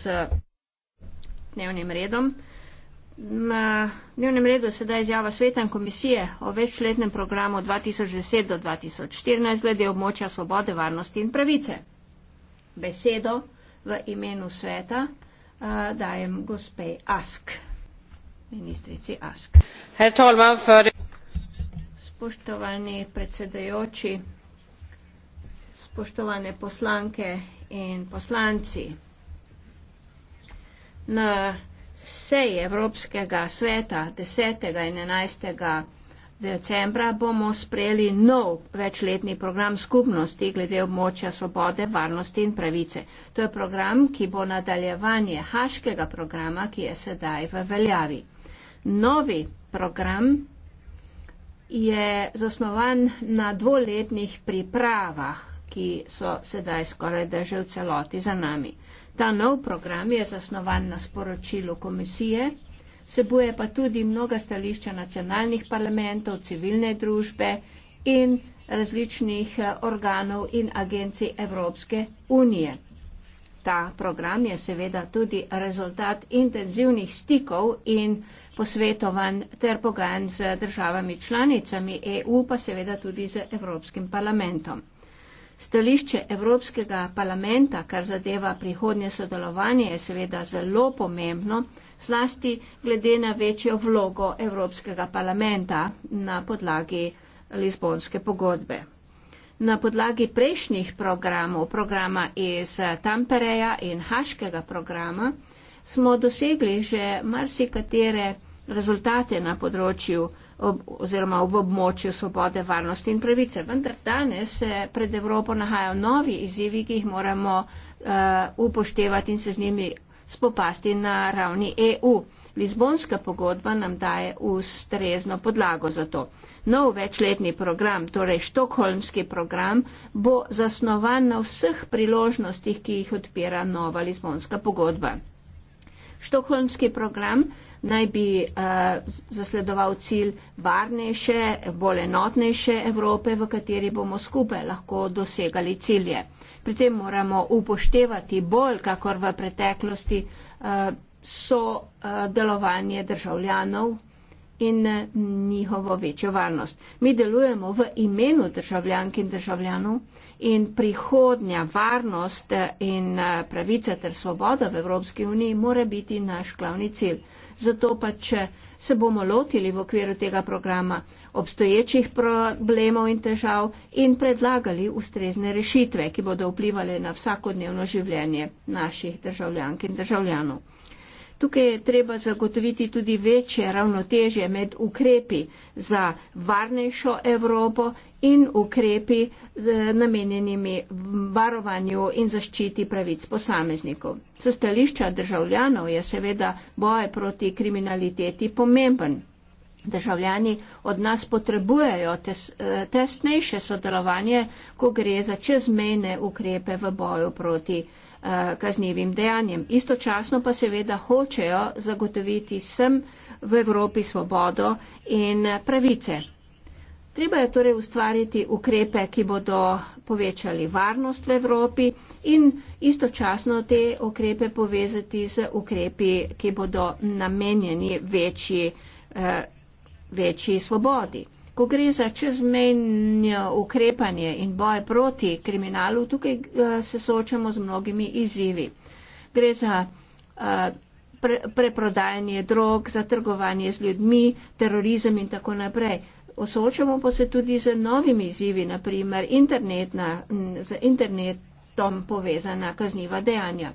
z dnevnim redom. Na dnevnem redu je sedaj izjava Svetem komisije o večletnem programu 2010 do 2014 glede območja svobode, varnosti in pravice. Besedo v imenu sveta uh, dajem gospe Ask, ministrici Ask. Spoštovani predsedajoči, spoštovane poslanke in poslanci na seji Evropskega sveta 10. in 11. decembra bomo sprejeli nov večletni program skupnosti glede območja svobode, varnosti in pravice. To je program, ki bo nadaljevanje haškega programa, ki je sedaj v veljavi. Novi program je zasnovan na dvoletnih pripravah, ki so sedaj skoraj da že v celoti za nami. Ta nov program je zasnovan na sporočilu komisije, vsebuje pa tudi mnoga stališča nacionalnih parlamentov, civilne družbe in različnih eh, organov in agencij Evropske unije. Ta program je seveda tudi rezultat intenzivnih stikov in posvetovanj ter pogajanj z državami članicami EU, pa seveda tudi z Evropskim parlamentom. Stališče Evropskega parlamenta, kar zadeva prihodnje sodelovanje, je seveda zelo pomembno, zlasti glede na večjo vlogo Evropskega parlamenta na podlagi Lizbonske pogodbe. Na podlagi prejšnjih programov, programa iz e Tampereja in Haškega programa, smo dosegli že marsikatere rezultate na področju ob, oziroma v območju svobode, varnosti in pravice. Vendar danes se pred Evropo nahajajo novi izzivi, ki jih moramo uh, upoštevati in se z njimi spopasti na ravni EU. Lizbonska pogodba nam daje ustrezno podlago za to. Nov večletni program, torej štokholmski program, bo zasnovan na vseh priložnostih, ki jih odpira nova Lizbonska pogodba. Štokholmski program naj bi eh, zasledoval cilj varnejše, bolj enotnejše Evrope, v kateri bomo skupaj lahko dosegali cilje. Pri tem moramo upoštevati bolj, kakor v preteklosti, eh, so eh, delovanje državljanov in njihovo večjo varnost. Mi delujemo v imenu državljank in državljanov in prihodnja varnost in pravica ter svoboda v Evropski uniji mora biti naš glavni cilj zato pa če se bomo lotili v okviru tega programa obstoječih problemov in težav in predlagali ustrezne rešitve, ki bodo vplivali na vsakodnevno življenje naših državljank in državljanov. Tukaj je treba zagotoviti tudi večje ravnotežje med ukrepi za varnejšo Evropo in ukrepi z namenjenimi varovanju in zaščiti pravic posameznikov. Z stališča državljanov je seveda boje proti kriminaliteti pomemben. Državljani od nas potrebujejo tes, tesnejše sodelovanje, ko gre za čezmejne ukrepe v boju proti kriminaliteti kaznjivim dejanjem. Istočasno pa seveda hočejo zagotoviti vsem v Evropi svobodo in pravice. Treba je torej ustvariti ukrepe, ki bodo povečali varnost v Evropi in istočasno te ukrepe povezati z ukrepi, ki bodo namenjeni večji, eh, večji svobodi ko gre za čezmenjo ukrepanje in boj proti kriminalu, tukaj eh, se soočamo z mnogimi izzivi. Gre za eh, pre, preprodajanje drog, za trgovanje z ljudmi, terorizem in tako naprej. Osočamo pa se tudi z novimi izzivi, naprimer internetna, z internetom povezana kazniva dejanja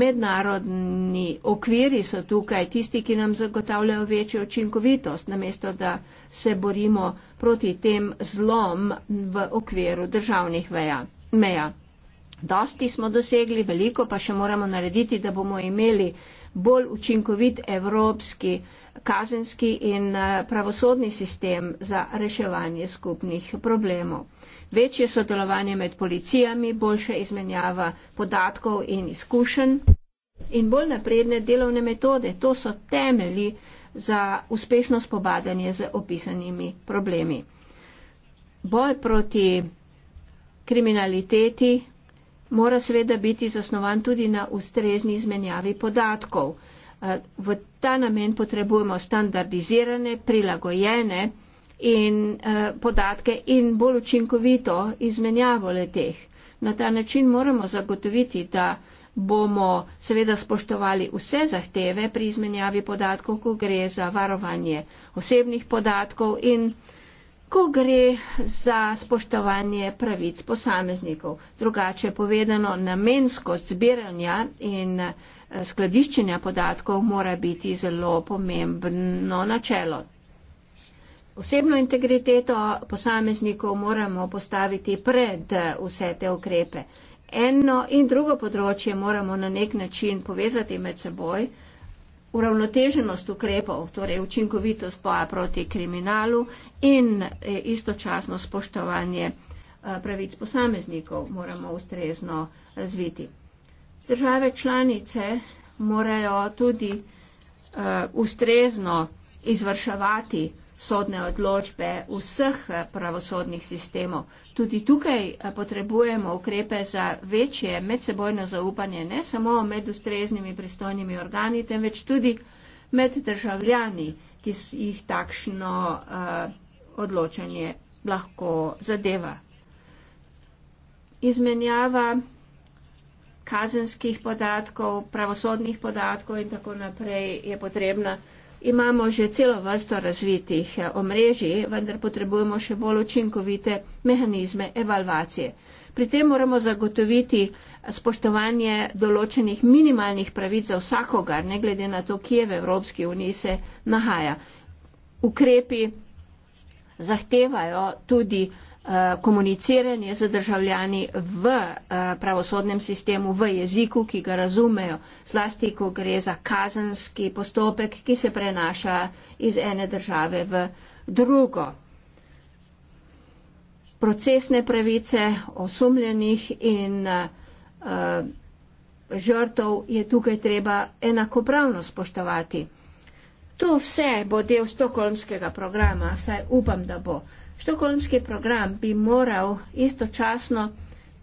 mednarodni okviri so tukaj tisti, ki nam zagotavljajo večjo učinkovitost, namesto da se borimo proti tem zlom v okviru državnih veja, meja. Dosti smo dosegli, veliko pa še moramo narediti, da bomo imeli bolj učinkovit evropski kazenski in eh, pravosodni sistem za reševanje skupnih problemov večje sodelovanje med policijami, boljša izmenjava podatkov in izkušenj in bolj napredne delovne metode. To so temelji za uspešno spobadanje z opisanimi problemi. Boj proti kriminaliteti mora seveda biti zasnovan tudi na ustrezni izmenjavi podatkov. Eh, v ta namen potrebujemo standardizirane, prilagojene, in eh, podatke in bolj učinkovito izmenjavo le teh. Na ta način moramo zagotoviti, da bomo seveda spoštovali vse zahteve pri izmenjavi podatkov, ko gre za varovanje osebnih podatkov in ko gre za spoštovanje pravic posameznikov. Drugače povedano, namenskost zbiranja in eh, skladiščenja podatkov mora biti zelo pomembno načelo. Osebno integriteto posameznikov moramo postaviti pred vse te ukrepe. Eno in drugo področje moramo na nek način povezati med seboj. Uravnoteženost ukrepov, torej učinkovitost boja proti kriminalu in eh, istočasno spoštovanje eh, pravic posameznikov moramo ustrezno razviti. Države članice morajo tudi eh, ustrezno izvrševati sodne odločbe vseh eh, pravosodnih sistemov. Tudi tukaj eh, potrebujemo ukrepe za večje medsebojno zaupanje, ne samo med ustreznimi pristojnimi organi, temveč tudi med državljani, ki jih takšno eh, odločanje lahko zadeva. Izmenjava kazenskih podatkov, pravosodnih podatkov in tako naprej je potrebna imamo že celo vrsto razvitih eh, omrežij, vendar potrebujemo še bolj učinkovite mehanizme evalvacije. Pri tem moramo zagotoviti spoštovanje določenih minimalnih pravic za vsakogar, ne glede na to, kje v Evropski uniji se nahaja. Ukrepi zahtevajo tudi Eh, komuniciranje z državljani v eh, pravosodnem sistemu, v jeziku, ki ga razumejo, zlasti, ko gre za kazanski postopek, ki se prenaša iz ene države v drugo. Procesne pravice osumljenih in eh, žrtov je tukaj treba enakopravno spoštovati. To vse bo del stokholmskega programa, vsaj upam, da bo. Štokholmski program bi moral istočasno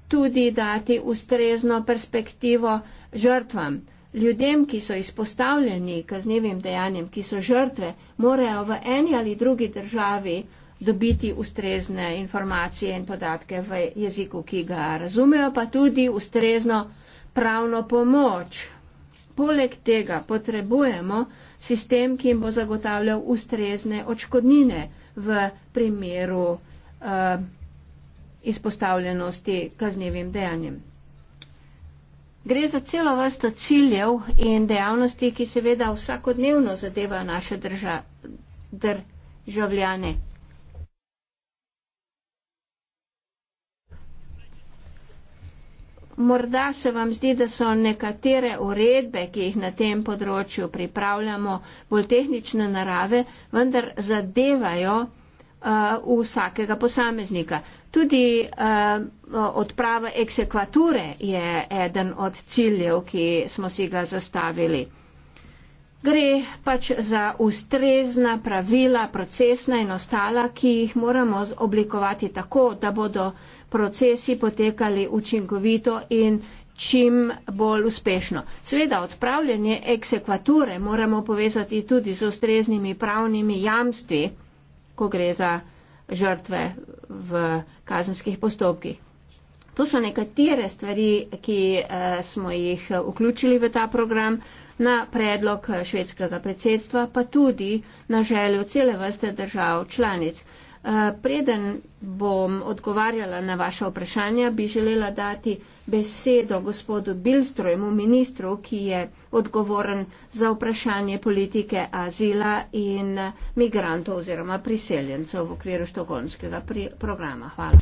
tudi dati ustrezno perspektivo žrtvam. Ljudem, ki so izpostavljeni kaznevim dejanjem, ki so žrtve, morajo v eni ali drugi državi dobiti ustrezne informacije in podatke v jeziku, ki ga razumejo, pa tudi ustrezno pravno pomoč. Poleg tega potrebujemo sistem, ki jim bo zagotavljal ustrezne očkodnine v primeru uh, izpostavljenosti kaznevim dejanjem. Gre za celo vrsto ciljev in dejavnosti, ki seveda vsakodnevno zadevajo naše državljane. Drža morda se vam zdi, da so nekatere uredbe, ki jih na tem področju pripravljamo, bolj tehnične narave, vendar zadevajo uh, vsakega posameznika. Tudi uh, odprava eksekvature je eden od ciljev, ki smo si ga zastavili. Gre pač za ustrezna pravila, procesna in ostala, ki jih moramo oblikovati tako, da bodo procesi potekali učinkovito in čim bolj uspešno. Sveda odpravljanje eksekvature moramo povezati tudi z ustreznimi pravnimi jamstvi, ko gre za žrtve v kazenskih postopkih. To so nekatere stvari, ki eh, smo jih eh, vključili v ta program na predlog eh, švedskega predsedstva, pa tudi na željo cele vrste držav članic. Eh, preden bom odgovarjala na vaše vprašanja, bi želela dati besedo gospodu Bilstrojemu, ministru, ki je odgovoren za vprašanje politike azila in migrantov oziroma priseljencev v okviru štokholmskega programa. Hvala.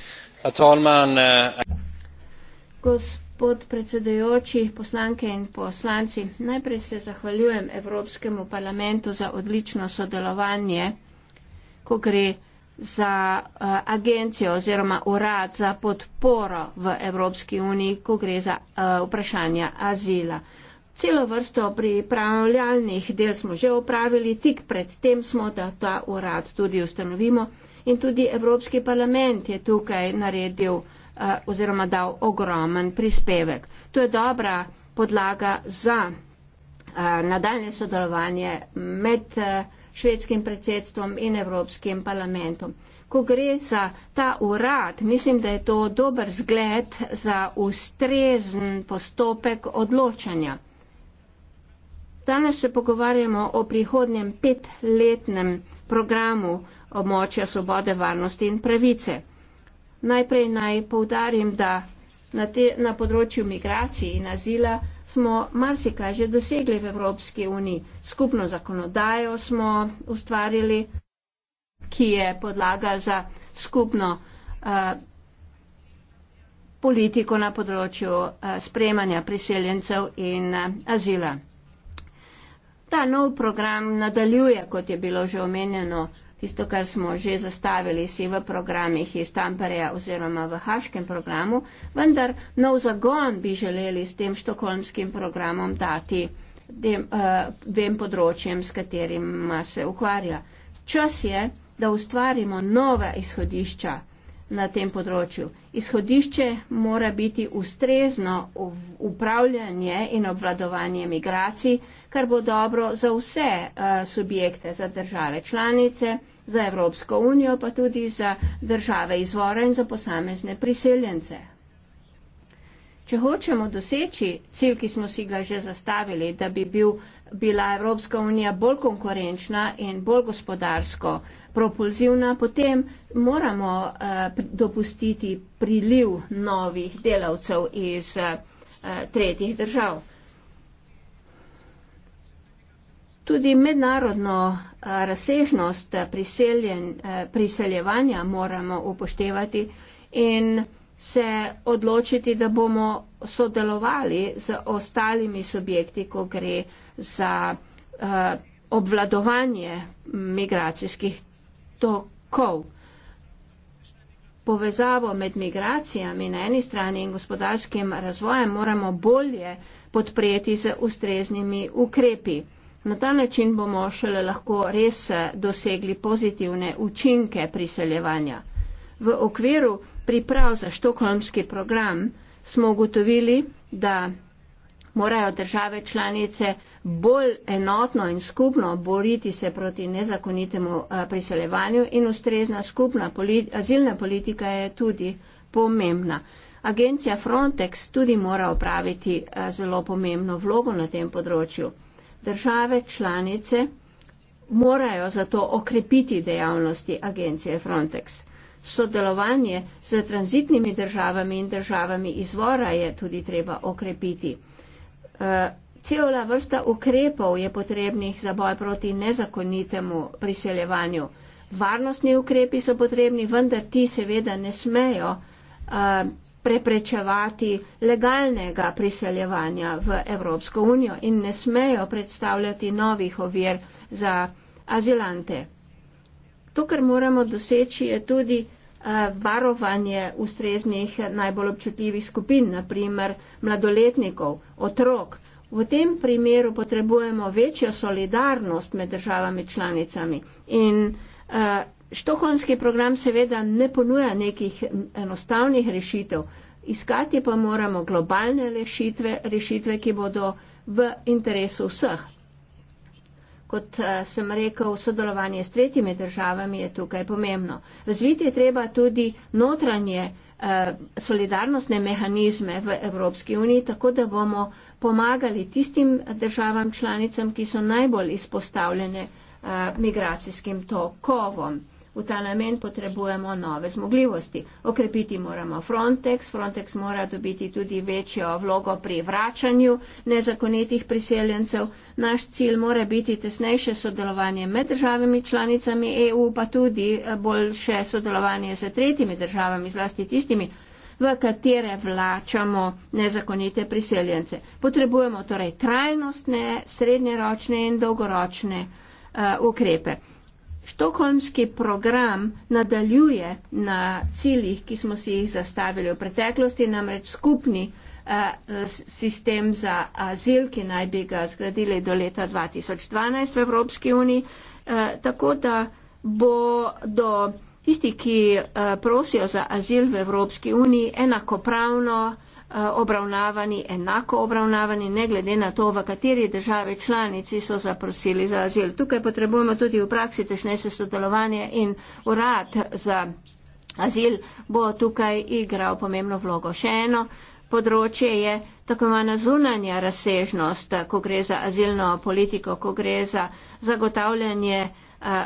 Eh, Gospod predsedujoči, poslanke in poslanci, najprej se zahvaljujem Evropskemu parlamentu za odlično sodelovanje, ko gre za uh, agencijo oziroma urad za podporo v Evropski uniji, ko gre za uh, vprašanja azila. Celo vrsto pripravljalnih del smo že upravili, tik pred tem smo, da ta urad tudi ustanovimo in tudi Evropski parlament je tukaj naredil uh, oziroma dal ogromen prispevek. To je dobra podlaga za uh, nadaljne sodelovanje med. Uh, švedskim predsedstvom in Evropskim parlamentom. Ko gre za ta urad, mislim, da je to dober zgled za ustrezen postopek odločanja. Danes se pogovarjamo o prihodnjem petletnem programu območja svobode, varnosti in pravice. Najprej naj povdarim, da na, te, na področju migracij in azila smo marsikaj že dosegli v Evropski uniji. Skupno zakonodajo smo ustvarili, ki je podlaga za skupno uh, politiko na področju uh, sprejemanja priseljencev in uh, azila. Ta nov program nadaljuje, kot je bilo že omenjeno, uh, tisto, kar smo že zastavili si v programih iz Tampereja oziroma v Haškem programu, vendar nov zagon bi želeli s tem štokolmskim programom dati dem, uh, eh, dvem področjem, s katerima se ukvarja. Čas je, da ustvarimo nova izhodišča na tem področju. Izhodišče mora biti ustrezno upravljanje in obvladovanje migracij, kar bo dobro za vse eh, subjekte, za države članice, za Evropsko unijo, pa tudi za države izvora in za posamezne priseljence. Če hočemo doseči cilj, ki smo si ga že zastavili, da bi bil, bila Evropska unija bolj konkurenčna in bolj gospodarsko propulzivna, potem moramo uh, dopustiti priliv novih delavcev iz uh, tretjih držav. Tudi mednarodno razsežnost priseljevanja moramo upoštevati in se odločiti, da bomo sodelovali z ostalimi subjekti, ko gre za obvladovanje migracijskih tokov. Povezavo med migracijami na eni strani in gospodarskim razvojem moramo bolje podpreti z ustreznimi ukrepi. Na ta način bomo šele lahko res eh, dosegli pozitivne učinke priseljevanja. V okviru priprav za štokholmski program smo ugotovili, da morajo države članice bolj enotno in skupno boriti se proti nezakonitemu eh, priseljevanju in ustrezna skupna politi azilna politika je tudi pomembna. Agencija Frontex tudi mora opraviti eh, zelo pomembno vlogo na tem področju. Države članice morajo zato okrepiti dejavnosti agencije Frontex. Sodelovanje z tranzitnimi državami in državami izvora je tudi treba okrepiti. Eh, Cela vrsta ukrepov je potrebnih za boj proti nezakonitemu priseljevanju. Varnostni ukrepi so potrebni, vendar ti seveda ne smejo eh, preprečevati legalnega priseljevanja v Evropsko unijo in ne smejo predstavljati novih ovir za azilante. To, kar moramo doseči, je tudi eh, varovanje ustreznih najbolj občutljivih skupin, naprimer mladoletnikov, otrok. V tem primeru potrebujemo večjo solidarnost med državami članicami in eh, Štokholmski program seveda ne ponuja nekih enostavnih rešitev, iskati pa moramo globalne rešitve, rešitve, ki bodo v interesu vseh. Kot eh, sem rekel, sodelovanje s tretjimi državami je tukaj pomembno. Razviti je treba tudi notranje eh, solidarnostne mehanizme v Evropski uniji, tako da bomo pomagali tistim državam članicam, ki so najbolj izpostavljene eh, migracijskim tokovom. V ta namen potrebujemo nove zmogljivosti. Okrepiti moramo Frontex. Frontex mora dobiti tudi večjo vlogo pri vračanju nezakonitih priseljencev. Naš cilj mora biti tesnejše sodelovanje med državami članicami EU, pa tudi eh, boljše sodelovanje z tretjimi državami, zlasti tistimi, v katere vlačamo nezakonite priseljence. Potrebujemo torej trajnostne, srednjeročne in dolgoročne uh, ukrepe. Štokholmski program nadaljuje na ciljih, ki smo si jih zastavili v preteklosti, namreč skupni eh, sistem za azil, ki naj bi ga zgradili do leta 2012 v Evropski uniji. Eh, tako da bo do tisti, ki eh, prosijo za azil v Evropski uniji, enakopravno obravnavani, enako obravnavani, ne glede na to, v kateri državi članici so zaprosili za azil. Tukaj potrebujemo tudi v praksi tešnese sodelovanje in urad za azil bo tukaj igral pomembno vlogo. Še eno področje je tako imena zunanja razsežnost, ko gre za azilno politiko, ko gre za zagotavljanje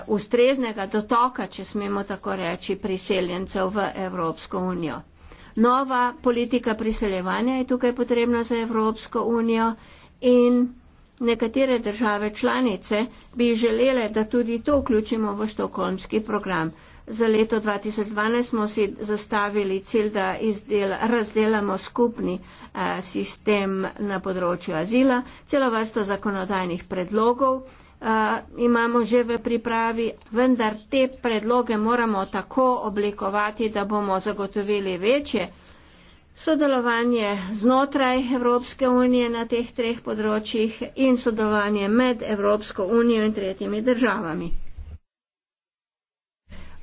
ustreznega dotoka, če smemo tako reči, priseljencev v Evropsko unijo nova politika priseljevanja je tukaj potrebna za Evropsko unijo in nekatere države članice bi želele, da tudi to vključimo v štokholmski program. Za leto 2012 smo si zastavili cilj, da izdela, razdelamo skupni a, eh, sistem na področju azila, celo vrsto zakonodajnih predlogov imamo že v pripravi, vendar te predloge moramo tako oblikovati, da bomo zagotovili večje sodelovanje znotraj Evropske unije na teh treh področjih in sodelovanje med Evropsko unijo in tretjimi državami.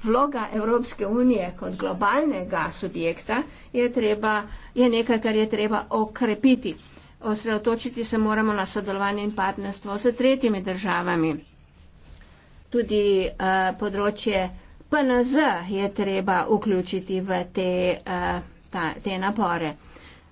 Vloga Evropske unije kot globalnega subjekta je, treba, je nekaj, kar je treba okrepiti osredotočiti se moramo na sodelovanje in partnerstvo s tretjimi državami. Tudi uh, področje PNZ je treba vključiti v te, uh, ta, te napore.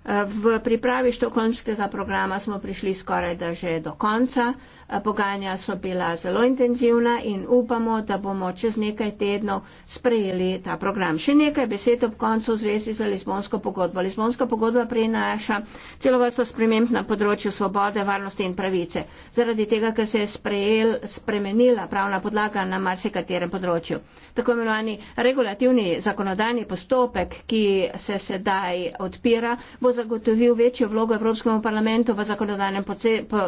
Uh, v pripravi štokholmskega programa smo prišli skoraj da že do konca. Uh, Pogajanja so bila zelo intenzivna in upamo, da bomo čez nekaj tednov sprejeli ta program. Še nekaj besed ob koncu v zvezi z Lizbonsko pogodbo. Lizbonska pogodba prinaša celo vrsto sprememb na področju svobode, varnosti in pravice. Zaradi tega, ker se je sprejel, spremenila pravna podlaga na marsikaterem področju. Tako imenovani regulativni zakonodajni postopek, ki se sedaj odpira, bo zagotovil večjo vlogo Evropskemu parlamentu v zakonodajnem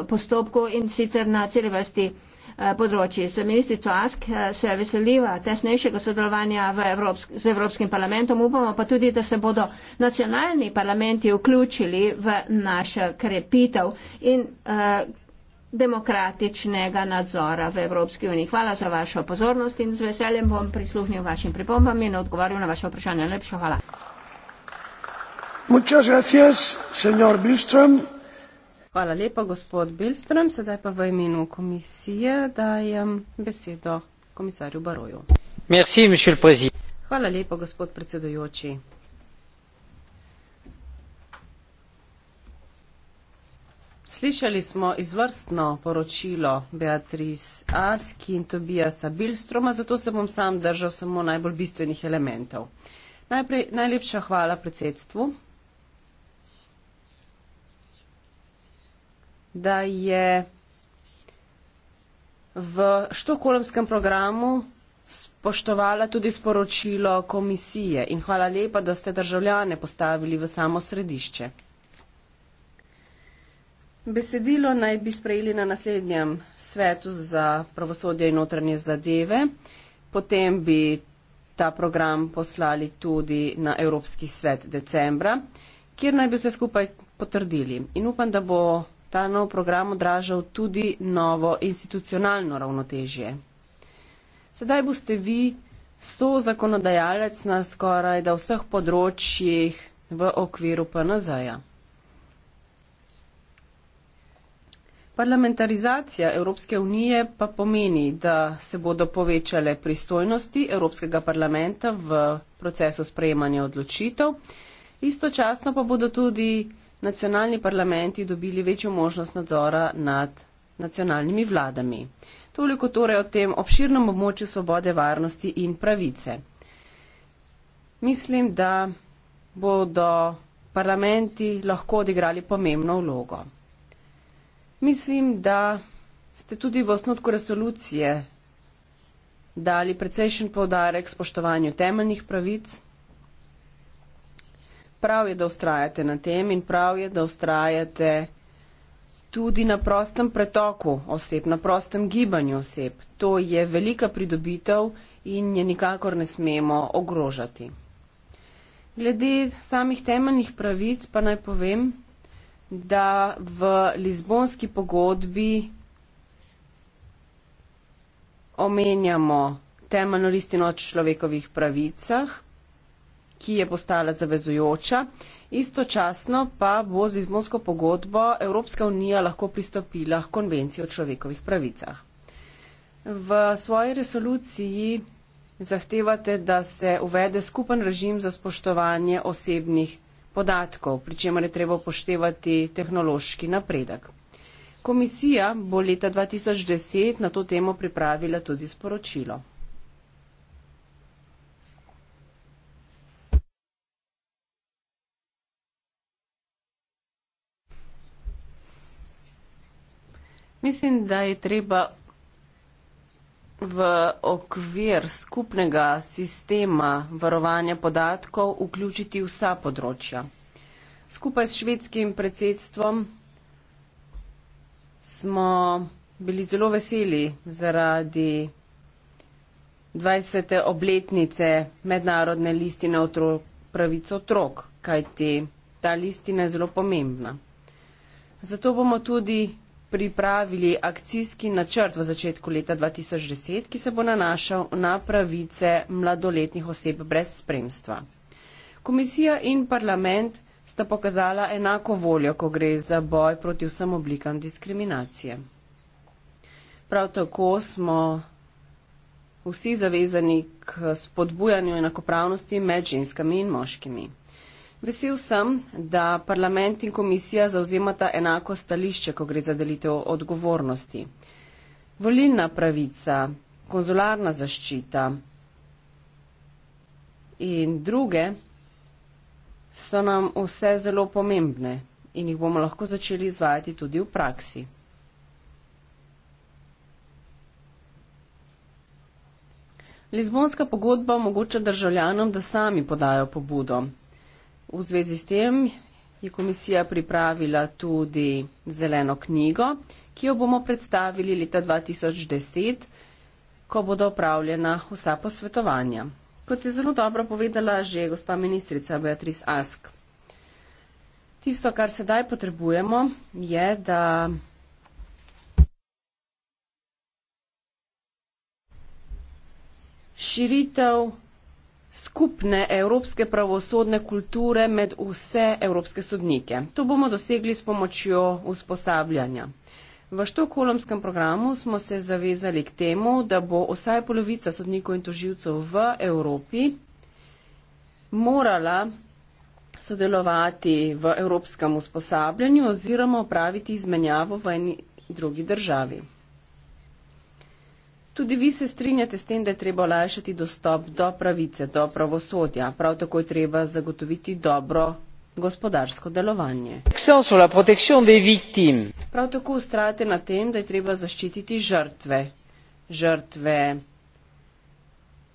postopku in sicer na celi vrsti eh, področji. Z ministrico Ask eh, se veseliva tesnejšega sodelovanja Evropsk, z Evropskim parlamentom, upamo pa tudi, da se bodo nacionalni parlamenti vključili v naš krepitev in uh, demokratičnega nadzora v Evropski uniji. Hvala za vašo pozornost in z veseljem bom prisluhnil vašim pripombam in odgovoril na vaše vprašanje. Lepša hvala. Muchas gracias, señor Bilström. Hvala lepa, gospod Bilström. Sedaj pa v imenu komisije dajem besedo komisarju Baroju. Merci, Hvala lepa, gospod predsedujoči. Slišali smo izvrstno poročilo Beatrice Aski in Tobiasa Bilstroma, zato se bom sam držal samo najbolj bistvenih elementov. Najprej najlepša hvala predsedstvu da je v štokolmskem programu spoštovala tudi sporočilo komisije in hvala lepa, da ste državljane postavili v samo središče. Besedilo naj bi sprejeli na naslednjem svetu za pravosodje in notranje zadeve, potem bi ta program poslali tudi na Evropski svet decembra, kjer naj bi vse skupaj potrdili. In upam, da bo ta nov program odražal tudi novo institucionalno ravnotežje. Sedaj boste vi so zakonodajalec na skoraj da vseh področjih v okviru PNZ-ja. Parlamentarizacija Evropske unije pa pomeni, da se bodo povečale pristojnosti Evropskega parlamenta v procesu sprejemanja odločitev, istočasno pa bodo tudi nacionalni parlamenti dobili večjo možnost nadzora nad nacionalnimi vladami. Toliko torej o tem obširnem območju svobode, varnosti in pravice. Mislim, da bodo parlamenti lahko odigrali pomembno vlogo. Mislim, da ste tudi v osnutku resolucije dali precejšen povdarek spoštovanju temeljnih pravic prav je, da ustrajate na tem in prav je, da ustrajate tudi na prostem pretoku oseb, na prostem gibanju oseb. To je velika pridobitev in je nikakor ne smemo ogrožati. Glede samih temeljnih pravic pa naj povem, da v Lizbonski pogodbi omenjamo temeljno listino o človekovih pravicah, ki je postala zavezujoča. Istočasno pa bo z izmonsko pogodbo Evropska unija lahko pristopila k konvenciji o človekovih pravicah. V svoji resoluciji zahtevate, da se uvede skupen režim za spoštovanje osebnih podatkov, pri čemer je treba upoštevati tehnološki napredek. Komisija bo leta 2010 na to temo pripravila tudi sporočilo. Mislim, da je treba v okvir skupnega sistema varovanja podatkov vključiti vsa področja. Skupaj s švedskim predsedstvom smo bili zelo veseli zaradi 20. obletnice mednarodne listine otrok, pravico otrok, kajti ta listina je zelo pomembna. Zato bomo tudi pripravili akcijski načrt v začetku leta 2010, ki se bo nanašal na pravice mladoletnih oseb brez spremstva. Komisija in parlament sta pokazala enako voljo, ko gre za boj proti vsem oblikam diskriminacije. Prav tako smo vsi zavezani k spodbujanju enakopravnosti med ženskami in moškimi. Vesel sem, da parlament in komisija zauzemata enako stališče, ko gre za delitev odgovornosti. Volilna pravica, konzularna zaščita in druge so nam vse zelo pomembne in jih bomo lahko začeli izvajati tudi v praksi. Lizbonska pogodba omogoča državljanom, da sami podajo pobudo. V zvezi s tem je komisija pripravila tudi zeleno knjigo, ki jo bomo predstavili leta 2010, ko bodo opravljena vsa posvetovanja. Kot je zelo dobro povedala že gospa ministrica Beatrice Ask, tisto, kar sedaj potrebujemo, je, da širitev skupne evropske pravosodne kulture med vse evropske sodnike. To bomo dosegli s pomočjo usposabljanja. V štokolomskem programu smo se zavezali k temu, da bo vsaj polovica sodnikov in toživcev v Evropi morala sodelovati v evropskem usposabljanju oziroma opraviti izmenjavo v eni drugi državi. Tudi vi se strinjate s tem, da je treba olajšati dostop do pravice, do pravosodja. Prav tako je treba zagotoviti dobro gospodarsko delovanje. Prav tako ustrajate na tem, da je treba zaščititi žrtve. Žrtve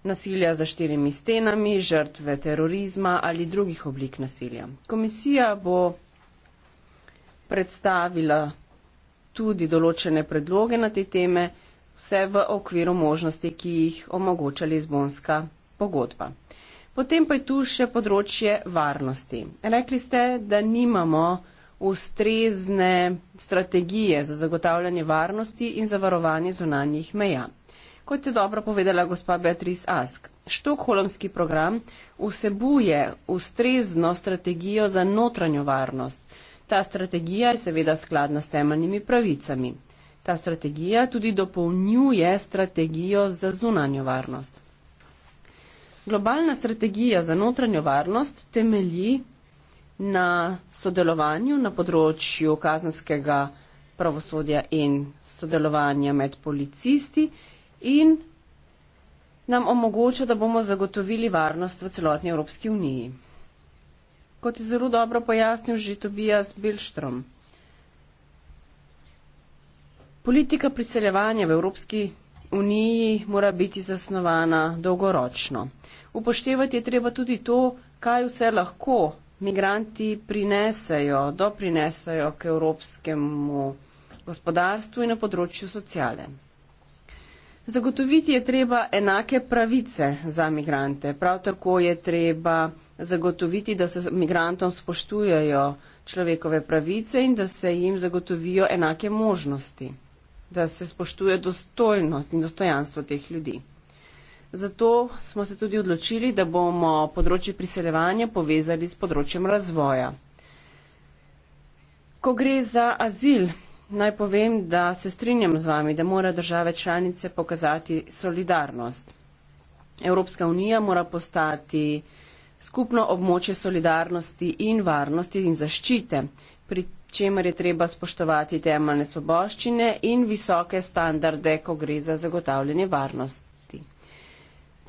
nasilja za štirimi stenami, žrtve terorizma ali drugih oblik nasilja. Komisija bo predstavila tudi določene predloge na te teme vse v okviru možnosti, ki jih omogoča Lizbonska pogodba. Potem pa je tu še področje varnosti. Rekli ste, da nimamo ustrezne strategije za zagotavljanje varnosti in zavarovanje zunanjih meja. Kot je dobro povedala gospa Beatrice Ask, štokholmski program vsebuje ustrezno strategijo za notranjo varnost. Ta strategija je seveda skladna s temeljnimi pravicami. Ta strategija tudi dopolnjuje strategijo za zunanjo varnost. Globalna strategija za notranjo varnost temelji na sodelovanju na področju kazanskega pravosodja in sodelovanja med policisti in nam omogoča, da bomo zagotovili varnost v celotni Evropski uniji. Kot je zelo dobro pojasnil že Tobias Bilštrom. Politika priseljevanja v Evropski uniji mora biti zasnovana dolgoročno. Upoštevati je treba tudi to, kaj vse lahko migranti prinesejo, doprinesejo k evropskemu gospodarstvu in na področju sociale. Zagotoviti je treba enake pravice za migrante. Prav tako je treba zagotoviti, da se migrantom spoštujejo človekove pravice in da se jim zagotovijo enake možnosti da se spoštuje dostojnost in dostojanstvo teh ljudi. Zato smo se tudi odločili, da bomo področje priseljevanja povezali s področjem razvoja. Ko gre za azil, naj povem, da se strinjam z vami, da mora države članice pokazati solidarnost. Evropska unija mora postati skupno območje solidarnosti in varnosti in zaščite. Pri čemer je treba spoštovati temeljne svoboščine in visoke standarde, ko gre za zagotavljanje varnosti.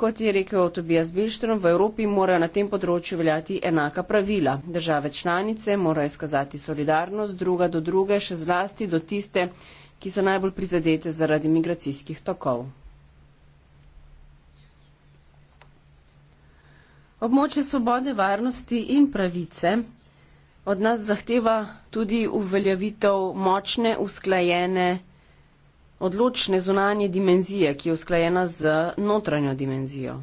Kot je rekel Tobias Bilštrom, v Evropi morajo na tem področju veljati enaka pravila. Države članice morajo izkazati solidarnost druga do druge, še zlasti do tiste, ki so najbolj prizadete zaradi migracijskih tokov. Območje svobode, varnosti in pravice od nas zahteva tudi uveljavitev močne, usklajene, odločne zunanje dimenzije, ki je usklajena z notranjo dimenzijo.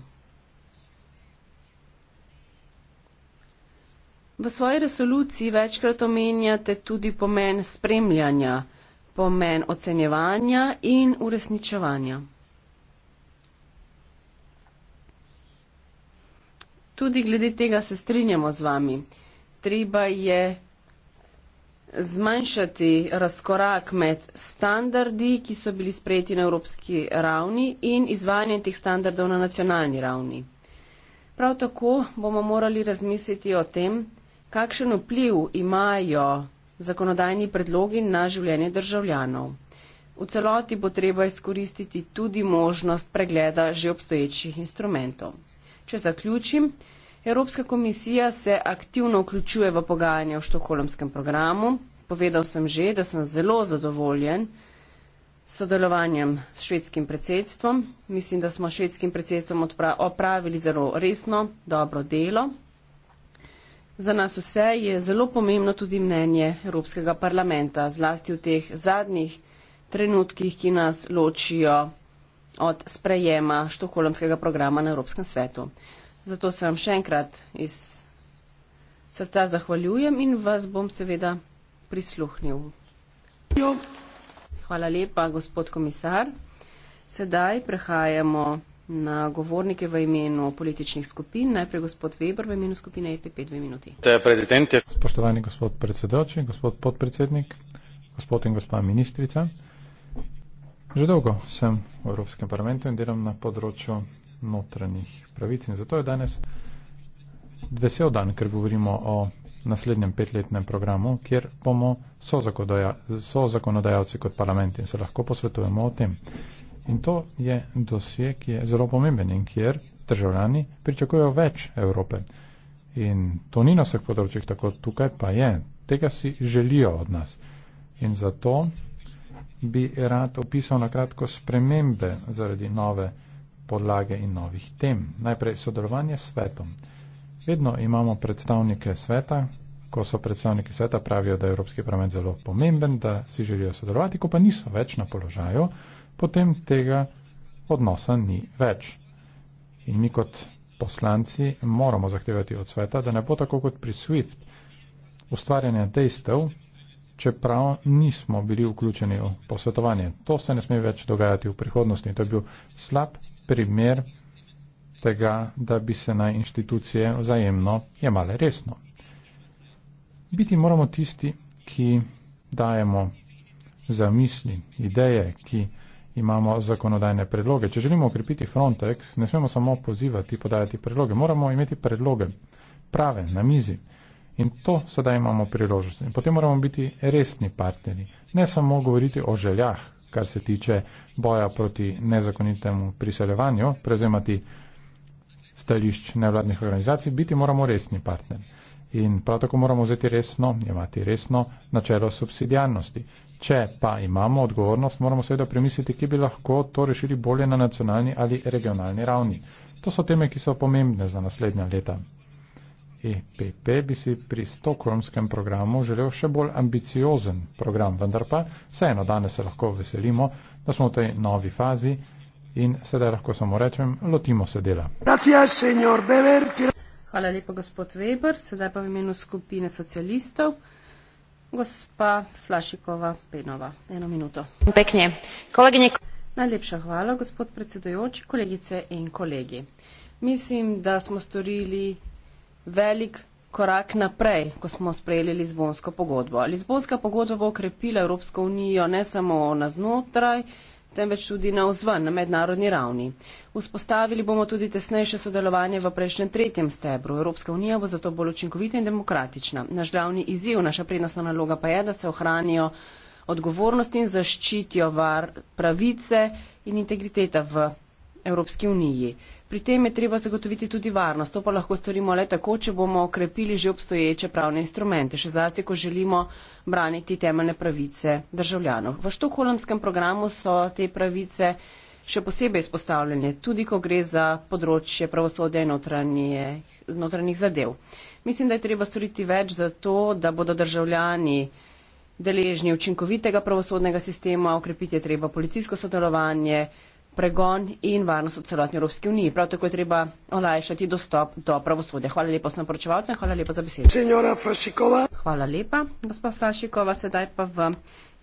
V svoji resoluciji večkrat omenjate tudi pomen spremljanja, pomen ocenjevanja in uresničevanja. Tudi glede tega se strinjamo z vami treba je zmanjšati razkorak med standardi, ki so bili sprejeti na evropski ravni in izvajanjem teh standardov na nacionalni ravni. Prav tako bomo morali razmisliti o tem, kakšen vpliv imajo zakonodajni predlogi na življenje državljanov. V celoti bo treba izkoristiti tudi možnost pregleda že obstoječih instrumentov. Če zaključim, Evropska komisija se aktivno vključuje v pogajanje o štokholmskem programu. Povedal sem že, da sem zelo zadovoljen s sodelovanjem s švedskim predsedstvom. Mislim, da smo švedskim predsedstvom opravili zelo resno, dobro delo. Za nas vse je zelo pomembno tudi mnenje Evropskega parlamenta, zlasti v teh zadnjih trenutkih, ki nas ločijo od sprejema štokholmskega programa na Evropskem svetu. Zato se vam še enkrat iz srca zahvaljujem in vas bom seveda prisluhnil. Hvala lepa, gospod komisar. Sedaj prehajamo na govornike v imenu političnih skupin. Najprej gospod Weber v imenu skupine EPP 2 minuti. Spoštovani gospod predsedoči, gospod podpredsednik, gospod in gospa ministrica. Že dolgo sem v Evropskem parlamentu in delam na področju notranjih pravic. In zato je danes vesel dan, ker govorimo o naslednjem petletnem programu, kjer bomo so zakonodajalci kot parlament in se lahko posvetujemo o tem. In to je dosje, ki je zelo pomemben in kjer državljani pričakujejo več Evrope. In to ni na vseh področjih tako, tukaj pa je. Tega si želijo od nas. In zato bi rad opisal na kratko spremembe zaradi nove podlage in novih tem. Najprej sodelovanje s svetom. Vedno imamo predstavnike sveta, ko so predstavniki sveta pravijo, da je Evropski parlament zelo pomemben, da si želijo sodelovati, ko pa niso več na položaju, potem tega odnosa ni več. In mi kot poslanci moramo zahtevati od sveta, da ne bo tako kot pri SWIFT ustvarjanje dejstev, čeprav nismo bili vključeni v posvetovanje. To se ne sme več dogajati v prihodnosti in to je bil slab primer tega, da bi se na inštitucije vzajemno jemale resno. Biti moramo tisti, ki dajemo zamisli, ideje, ki imamo zakonodajne predloge. Če želimo okrepiti Frontex, ne smemo samo pozivati, podajati predloge. Moramo imeti predloge prave na mizi. In to sedaj imamo priložnost. In potem moramo biti resni partneri. Ne samo govoriti o željah, kar se tiče boja proti nezakonitemu priseljevanju, prevzemati stališč nevladnih organizacij, biti moramo resni partner. In prav tako moramo vzeti resno, imati resno načelo subsidijarnosti. Če pa imamo odgovornost, moramo seveda premisliti, ki bi lahko to rešili bolje na nacionalni ali regionalni ravni. To so teme, ki so pomembne za naslednja leta. EPP bi si pri stokholmskem programu želel še bolj ambiciozen program, vendar pa vseeno danes se lahko veselimo, da smo v tej novi fazi in sedaj lahko samo rečem, lotimo se dela. Hvala lepa, gospod Weber. Sedaj pa v imenu skupine socialistov. Gospa Flašikova Penova, eno minuto. Pekne. Kolegine... Najlepša hvala, gospod predsedujoči, kolegice in kolegi. Mislim, da smo storili velik korak naprej, ko smo sprejeli Lizbonsko pogodbo. Lizbonska pogodba bo okrepila Evropsko unijo ne samo na znotraj, temveč tudi na vzven, na mednarodni ravni. Vzpostavili bomo tudi tesnejše sodelovanje v prejšnjem tretjem stebru. Evropska unija bo zato bolj učinkovita in demokratična. Naš glavni izziv, naša prednostna naloga pa je, da se ohranijo odgovornosti in zaščitijo var pravice in integriteta v Evropski uniji. Pri tem je treba zagotoviti tudi varnost. To pa lahko storimo le tako, če bomo okrepili že obstoječe pravne instrumente, še zlasti, ko želimo braniti temeljne pravice državljanov. V štokholmskem programu so te pravice še posebej izpostavljene, tudi ko gre za področje pravosodja in notranjih, notranjih zadev. Mislim, da je treba storiti več za to, da bodo državljani deležni učinkovitega pravosodnega sistema, okrepiti je treba policijsko sodelovanje, pregon in varnost v celotni Evropski uniji. Prav tako je treba olajšati dostop do pravosodja. Hvala lepa vsem poročevalcem, hvala lepa za besedo. Senjora Frašikova. Hvala lepa, gospa Frašikova. Sedaj pa v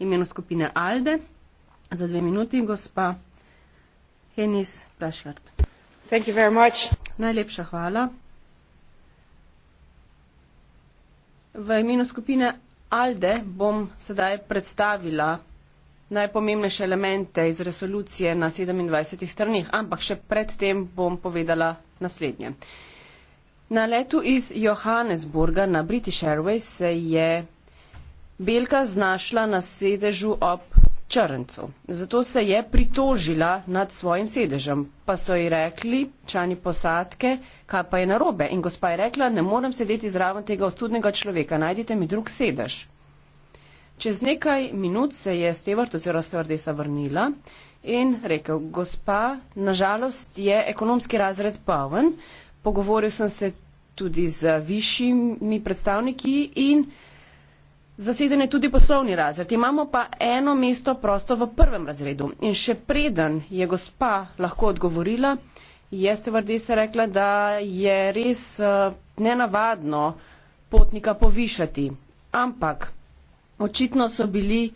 imenu skupine Alde za dve minuti, gospa Henis Prašvart. Najlepša hvala. V imenu skupine Alde bom sedaj predstavila najpomembnejše elemente iz resolucije na 27 stranih, ampak še predtem bom povedala naslednje. Na letu iz Johannesburga na British Airways se je Belka znašla na sedežu ob črncu. Zato se je pritožila nad svojim sedežem. Pa so ji rekli, člani posadke, kaj pa je narobe. In gospa je rekla, ne morem sedeti zraven tega ostudnega človeka, najdite mi drug sedež. Čez nekaj minut se je Stevart oziroma Stevardesa vrnila in rekel, gospa, nažalost je ekonomski razred poln, pogovoril sem se tudi z višjimi predstavniki in zaseden je tudi poslovni razred. Imamo pa eno mesto prosto v prvem razredu. In še preden je gospa lahko odgovorila, je Stevardesa rekla, da je res eh, nenavadno potnika povišati. Ampak Očitno so bili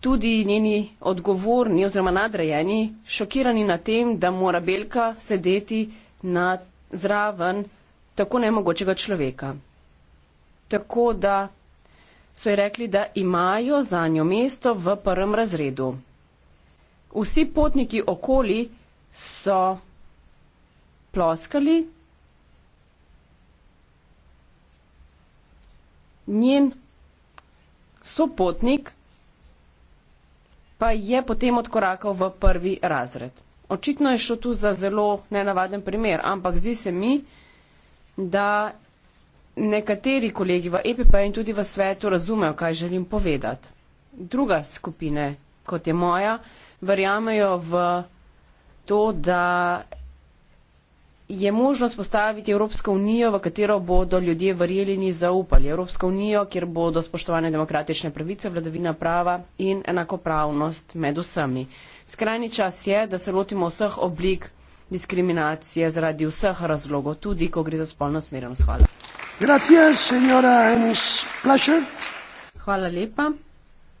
tudi njeni odgovorni oziroma nadrejeni šokirani na tem, da mora Belka sedeti na zraven tako nemogočega človeka. Tako da so ji rekli, da imajo za njo mesto v prvem razredu. Vsi potniki okoli so ploskali. Njen sopotnik pa je potem odkorakal v prvi razred. Očitno je šlo tu za zelo nenavaden primer, ampak zdi se mi, da nekateri kolegi v EPP in tudi v svetu razumejo, kaj želim povedati. Druga skupina, kot je moja, verjamejo v to, da je možno spostaviti Evropsko unijo, v katero bodo ljudje verjeli in zaupali. Evropsko unijo, kjer bodo spoštovane demokratične pravice, vladavina prava in enakopravnost med vsemi. Skrajni čas je, da se lotimo vseh oblik diskriminacije zaradi vseh razlogov, tudi ko gre za spolno smerenost. Hvala. Hvala lepa.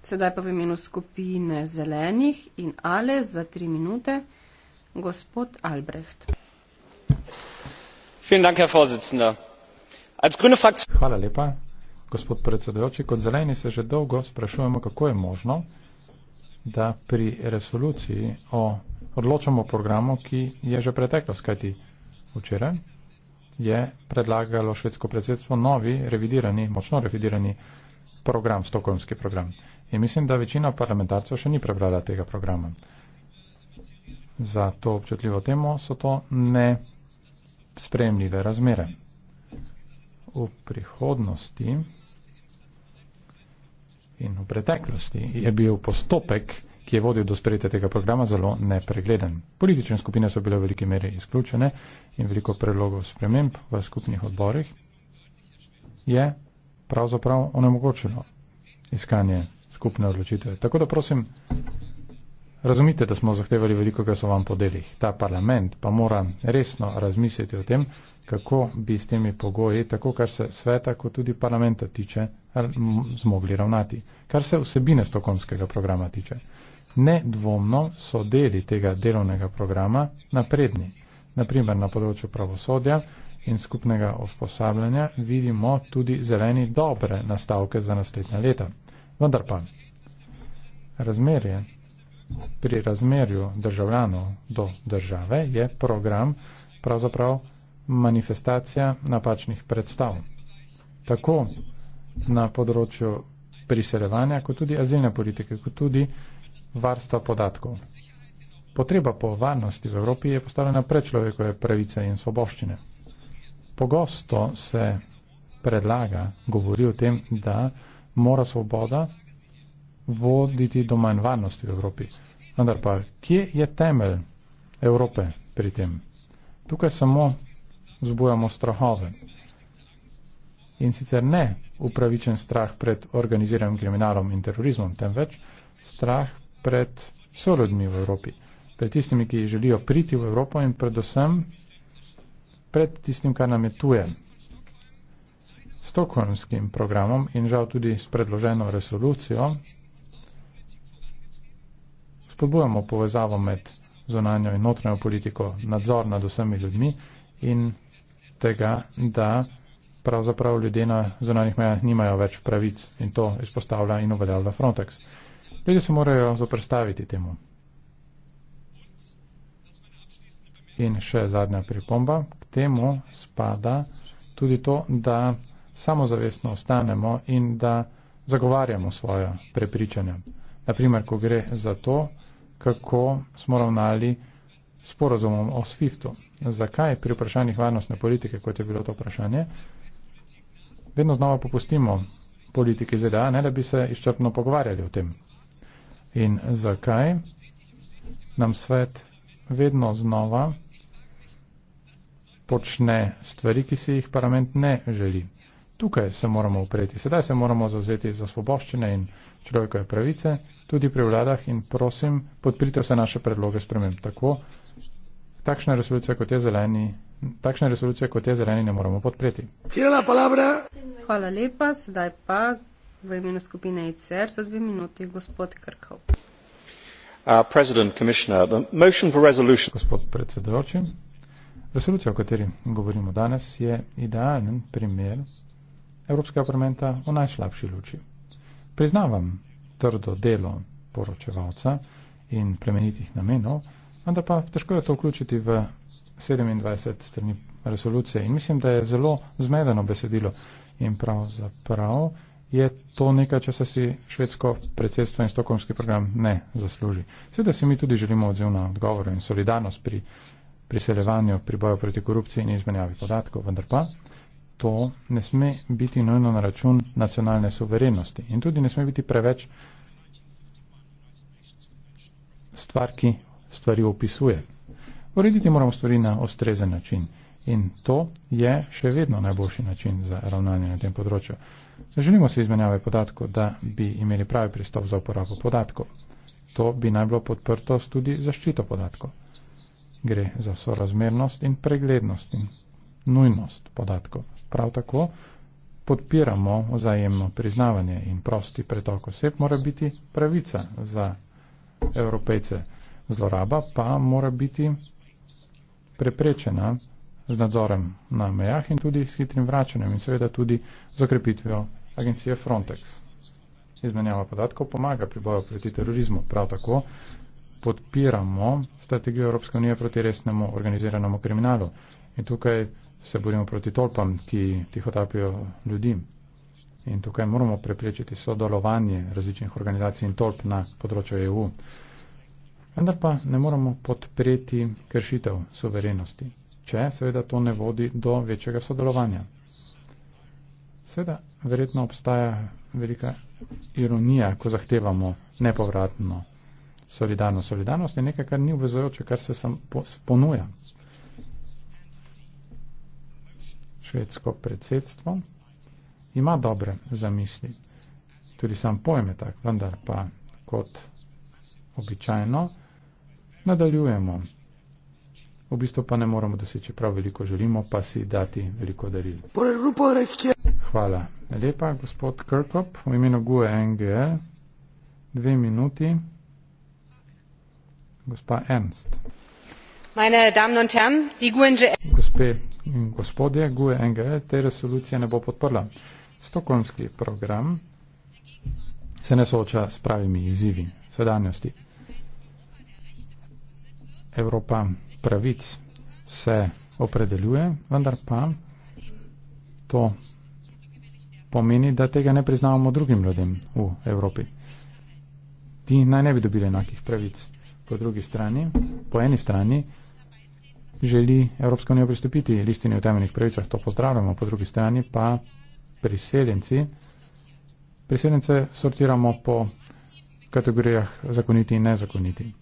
Sedaj pa v imenu skupine zelenih in ale za tri minute. Gospod Albrecht hvala lepa gospod predsedujoči kot zeleni se že dolgo sprašujemo kako je možno da pri resoluciji o odločamo o programu ki je že preteklost kajti včeraj je predlagalo švedsko predsedstvo novi revidirani močno revidirani program stokholmski program in mislim da večina parlamentarcev še ni prebrala tega programa za to občutljivo temo so to ne spremljive razmere. V prihodnosti in v preteklosti je bil postopek, ki je vodil do sprejete tega programa, zelo nepregleden. Politične skupine so bile v veliki meri izključene in veliko predlogov sprememb v skupnih odborih je pravzaprav onemogočilo iskanje skupne odločitve. Tako da prosim, Razumite, da smo zahtevali veliko glasovanj po delih. Ta parlament pa mora resno razmisliti o tem, kako bi s temi pogoji, tako kar se sveta, kot tudi parlamenta tiče, zmogli ravnati. Kar se vsebine stokonskega programa tiče. Nedvomno so deli tega delovnega programa napredni. Naprimer, na področju pravosodja in skupnega usposabljanja vidimo tudi zeleni dobre nastavke za naslednja leta. Vendar pa, razmerje pri razmerju državljanov do države je program pravzaprav manifestacija napačnih predstav. Tako na področju priseljevanja, kot tudi azilne politike, kot tudi varstva podatkov. Potreba po varnosti v Evropi je postavljena pred človekove pravice in svoboščine. Pogosto se predlaga, govori o tem, da mora svoboda voditi do manj varnosti v Evropi. Vendar pa, kje je temelj Evrope pri tem? Tukaj samo zbujamo strahove. In sicer ne upravičen strah pred organiziranim kriminalom in terorizmom, temveč strah pred sorodmi v Evropi, pred tistimi, ki želijo priti v Evropo in predvsem pred tistim, kar nam je tuje. S tokonskim programom in žal tudi s predloženo resolucijo spodbujamo povezavo med zonanjo in notranjo politiko, nadzor nad vsemi ljudmi in tega, da pravzaprav ljudje na zonanjih mejah nimajo več pravic in to izpostavlja in uveljavlja Frontex. Ljudje se morajo zoprstaviti temu. In še zadnja pripomba, k temu spada tudi to, da samozavestno ostanemo in da zagovarjamo svoje prepričanja. Naprimer, ko gre za to, kako smo ravnali s porozumom o SWIFT-u. Zakaj pri vprašanjih varnostne politike, kot je bilo to vprašanje, vedno znova popustimo politiki ZDA, ne da bi se izčrpno pogovarjali o tem. In zakaj nam svet vedno znova počne stvari, ki si jih parlament ne želi. Tukaj se moramo upreti. Sedaj se moramo zazeti za svoboščine in človekove pravice, tudi pri vladah in prosim, podprite vse naše predloge sprememb. Tako, takšna resolucija kot je zeleni, takšna resolucija kot je zeleni ne moremo podpreti. Hvala lepa, sedaj pa v imenu skupine ICR za dve minuti gospod Krkov. Uh, gospod predsedujoči, resolucija, o kateri govorimo danes, je idealen primer Evropskega parlamenta v najslabši luči. Priznavam, trdo delo poročevalca in premenitih namenov, vendar pa težko je to vključiti v 27 strani resolucije. In mislim, da je zelo zmedeno besedilo in pravzaprav je to nekaj, če se si švedsko predsedstvo in stokomski program ne zasluži. Seveda si mi tudi želimo odziv na odgovor in solidarnost pri priseljevanju, pri boju proti korupciji in izmenjavi podatkov, vendar pa to ne sme biti nojno na račun nacionalne suverenosti in tudi ne sme biti preveč stvar, ki stvari opisuje. Urediti moramo stvari na ostrezen način in to je še vedno najboljši način za ravnanje na tem področju. Želimo se izmenjave podatkov, da bi imeli pravi pristop za uporabo podatkov. To bi naj bilo podprto tudi zaščito podatkov. Gre za sorazmernost in preglednost in nujnost podatkov. Prav tako podpiramo vzajemno priznavanje in prosti pretok oseb mora biti pravica za evropejce. Zloraba pa mora biti preprečena z nadzorem na mejah in tudi s hitrim vračanjem in seveda tudi z okrepitvijo agencije Frontex. Izmenjava podatkov pomaga pri boju proti terorizmu. Prav tako podpiramo strategijo Evropske unije proti resnemu organiziranemu kriminalu. In tukaj se borimo proti tolpam, ki tihotapijo ljudi. In tukaj moramo preprečiti sodelovanje različnih organizacij in tolp na področju EU. Vendar pa ne moramo podpreti kršitev suverenosti, če seveda to ne vodi do večjega sodelovanja. Seveda, verjetno obstaja velika ironija, ko zahtevamo nepovratno solidarnost. Solidarnost je nekaj, kar ni obvezojoče, kar se sam ponuja švedsko predsedstvo, ima dobre zamisli. Tudi sam pojme tak, vendar pa kot običajno nadaljujemo. V bistvu pa ne moramo doseči prav veliko želimo, pa si dati veliko daril. Hvala lepa, gospod Kirkop, v imenu GUE NGL. E, dve minuti. Gospa Ernst meine Damen und Herren, die GUE NGL. Gospe in gospodje, GUE NGL e, te resolucije ne bo podprla. Stokholmski program se ne sooča s pravimi izzivi sedanjosti. Evropa pravic se opredeljuje, vendar pa to pomeni, da tega ne priznavamo drugim ljudem v Evropi. Ti naj ne bi dobili enakih pravic. Po drugi strani, po eni strani, želi Evropska unija pristopiti listini o temeljnih pravicah, to pozdravljamo, po drugi strani pa priseljenci. Priseljence sortiramo po kategorijah zakoniti in nezakoniti.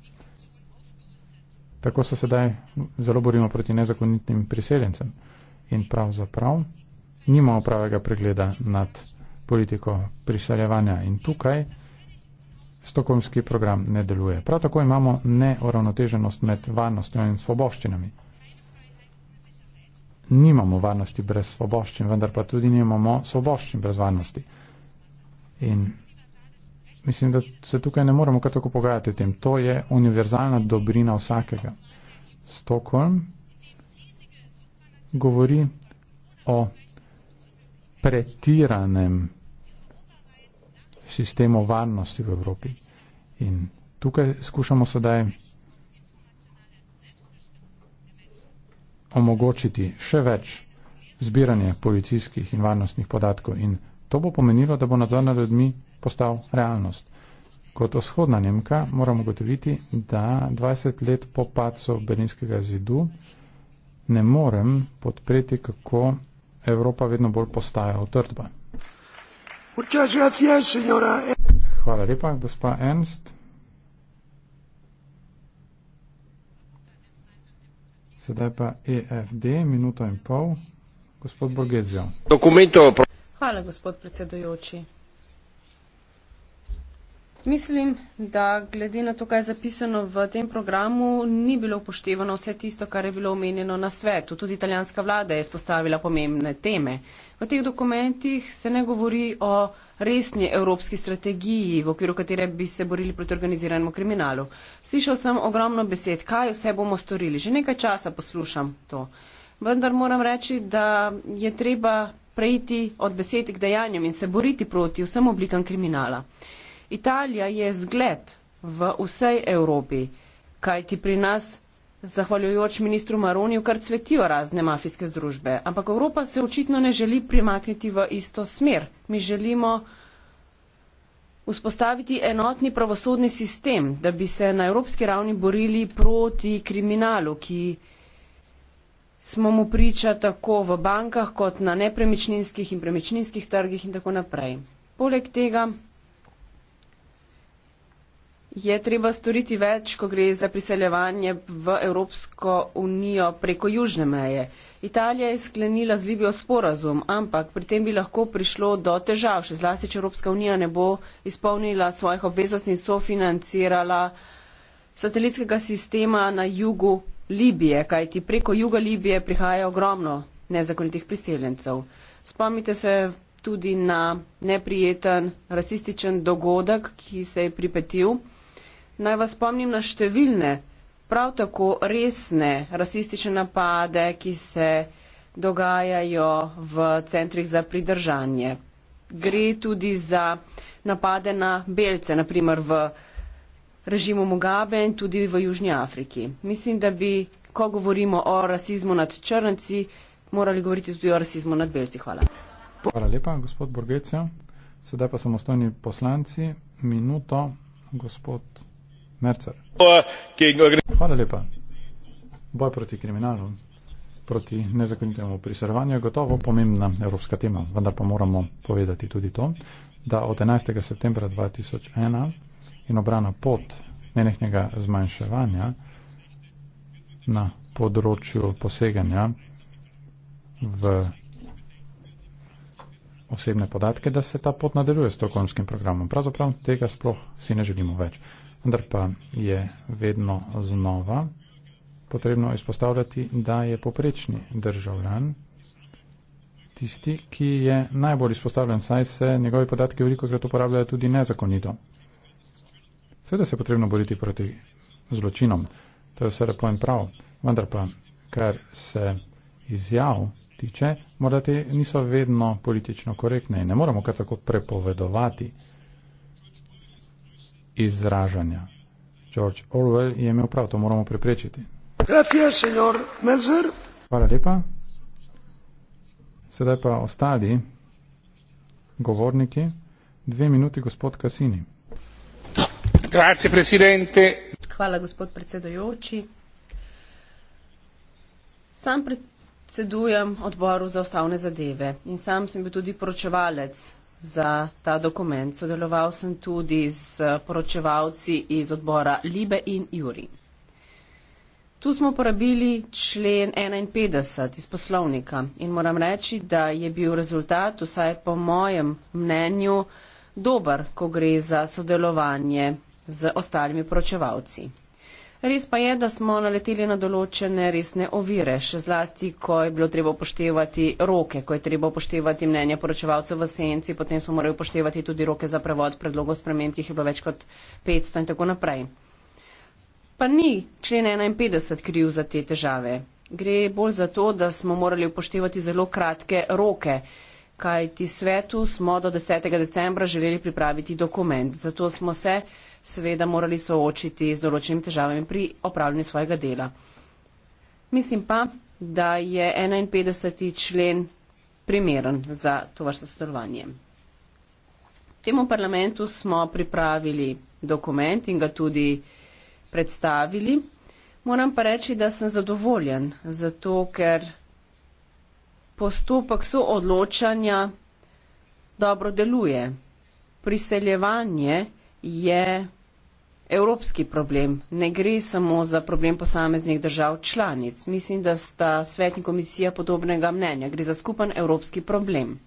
Tako se sedaj zelo borimo proti nezakonitim priseljencem in pravzaprav nimamo pravega pregleda nad politiko priseljevanja in tukaj stokholmski program ne deluje. Prav tako imamo neuravnoteženost med varnostjo in svoboščinami nimamo varnosti brez svoboščin, vendar pa tudi nimamo svoboščin brez varnosti. In mislim, da se tukaj ne moramo kar tako pogajati o tem. To je univerzalna dobrina vsakega. Stockholm govori o pretiranem sistemu varnosti v Evropi. In tukaj skušamo sedaj omogočiti še več zbiranje policijskih in varnostnih podatkov in to bo pomenilo, da bo nadzor nad ljudmi postal realnost. Kot vzhodna Nemka moramo gotoviti, da 20 let po pacu Berlinskega zidu ne morem podpreti, kako Evropa vedno bolj postaja utrdba. Hvala lepa, gospa Ernst. Sedaj pa EFD, minuto in pol. Gospod Borgezijo. Hvala, gospod predsedujoči. Mislim, da glede na to, kaj je zapisano v tem programu, ni bilo upoštevano vse tisto, kar je bilo omenjeno na svetu. Tudi italijanska vlada je spostavila pomembne teme. V teh dokumentih se ne govori o resni evropski strategiji, v okviru katere bi se borili proti organiziranemu kriminalu. Slišal sem ogromno besed, kaj vse bomo storili. Že nekaj časa poslušam to. Vendar moram reči, da je treba preiti od besed k dejanjem in se boriti proti vsem oblikam kriminala. Italija je zgled v vsej Evropi, kajti pri nas zahvaljujoč ministru Maroniju kar cvetijo razne mafijske združbe. Ampak Evropa se očitno ne želi primakniti v isto smer. Mi želimo vzpostaviti enotni pravosodni sistem, da bi se na evropski ravni borili proti kriminalu, ki smo mu priča tako v bankah kot na nepremičninskih in premičninskih trgih in tako naprej. Poleg tega je treba storiti več, ko gre za priseljevanje v Evropsko unijo preko južne meje. Italija je sklenila z Libijo sporazum, ampak pri tem bi lahko prišlo do težav, še zlasti, če Evropska unija ne bo izpolnila svojih obveznosti in sofinancirala satelitskega sistema na jugu Libije, kajti preko juga Libije prihaja ogromno nezakonitih priseljencev. Spomnite se tudi na neprijeten rasističen dogodek, ki se je pripetil naj vas spomnim na številne, prav tako resne rasistične napade, ki se dogajajo v centrih za pridržanje. Gre tudi za napade na belce, naprimer v režimu Mugabe in tudi v Južnji Afriki. Mislim, da bi, ko govorimo o rasizmu nad črnci, morali govoriti tudi o rasizmu nad belci. Hvala. Hvala lepa, gospod Borgecija. Sedaj pa samostojni poslanci. Minuto, gospod Mercer. Hvala lepa. Boj proti kriminalu, proti nezakonitemu priservanju je gotovo pomembna evropska tema, vendar pa moramo povedati tudi to, da od 11. septembra 2001 in obrana pot nenehnega zmanjševanja na področju poseganja v osebne podatke, da se ta pot nadaljuje s tokolmskim programom. Pravzaprav tega sploh si ne želimo več vendar pa je vedno znova potrebno izpostavljati, da je poprečni državljan tisti, ki je najbolj izpostavljen, saj se njegovi podatki veliko krat uporabljajo tudi nezakonito. Seveda se je potrebno boriti proti zločinom, to je vse lepo in prav, vendar pa, kar se izjav tiče, morda te niso vedno politično korektne in ne moramo kar tako prepovedovati izražanja. George Orwell je imel prav, to moramo preprečiti. Gracias, Hvala lepa. Sedaj pa ostali govorniki. Dve minuti, gospod Kasini. Grazie, Hvala, gospod predsedojoči. Sam predsedujem odboru za ustavne zadeve in sam sem bil tudi poročevalec za ta dokument. Sodeloval sem tudi z poročevalci iz odbora Libe in Juri. Tu smo uporabili člen 51 iz poslovnika in moram reči, da je bil rezultat, vsaj po mojem mnenju, dober, ko gre za sodelovanje z ostalimi poročevalci. Res pa je, da smo naleteli na določene resne ovire, še zlasti, ko je bilo treba upoštevati roke, ko je treba upoštevati mnenje poročevalcev v senci, potem smo morali upoštevati tudi roke za prevod predlogov sprememb, ki jih je bilo več kot 500 in tako naprej. Pa ni člen 51 kriv za te težave. Gre bolj za to, da smo morali upoštevati zelo kratke roke, kajti svetu smo do 10. decembra želeli pripraviti dokument. Zato smo se seveda morali soočiti z določenimi težavami pri opravljanju svojega dela. Mislim pa, da je 51. člen primeren za to vrsto sodelovanje. Temu parlamentu smo pripravili dokument in ga tudi predstavili. Moram pa reči, da sem zadovoljen, zato ker postopek soodločanja dobro deluje. Priseljevanje je evropski problem. Ne gre samo za problem posameznih držav članic. Mislim, da sta svet in komisija podobnega mnenja. Gre za skupen evropski problem.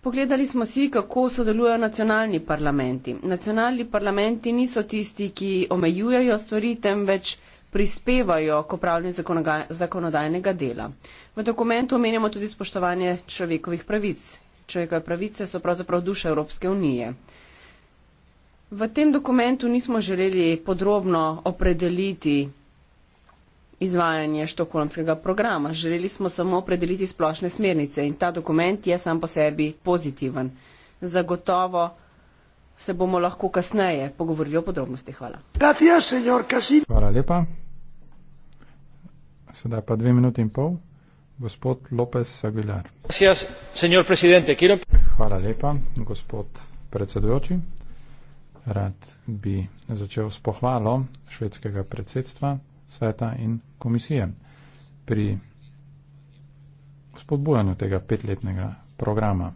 Pogledali smo si, kako sodelujejo nacionalni parlamenti. Nacionalni parlamenti niso tisti, ki omejujejo stvari, temveč prispevajo k upravljanju zakonodajnega dela. V dokumentu omenjamo tudi spoštovanje človekovih pravic človekove pravice so pravzaprav duše Evropske unije. V tem dokumentu nismo želeli podrobno opredeliti izvajanje štokholmskega programa. Želeli smo samo opredeliti splošne smernice in ta dokument je sam po sebi pozitiven. Zagotovo se bomo lahko kasneje pogovorili o podrobnosti. Hvala. Hvala lepa. Sedaj pa dve minuti in pol. Gospod Lopez Aguilar señor presidente quiero Hvala lepa, gospod predsedujoči. Rad bi začel s pohvalo švedskega predsedstva, sveta in komisije pri spodbujanju tega petletnega programa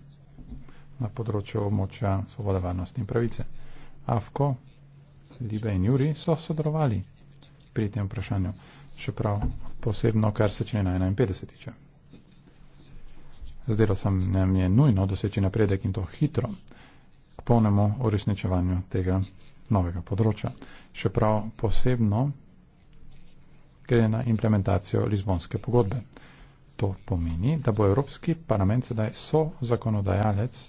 na področju območja svobode, varnosti in pravice. AFKO, Libe in Juri so sodelovali pri tem vprašanju, čeprav posebno, kar se čine na 51. tiče. Zdelo se nam je nujno doseči napredek in to hitro k polnemu uresničevanju tega novega področja. Še prav posebno gre na implementacijo Lizbonske pogodbe. To pomeni, da bo Evropski parlament sedaj so zakonodajalec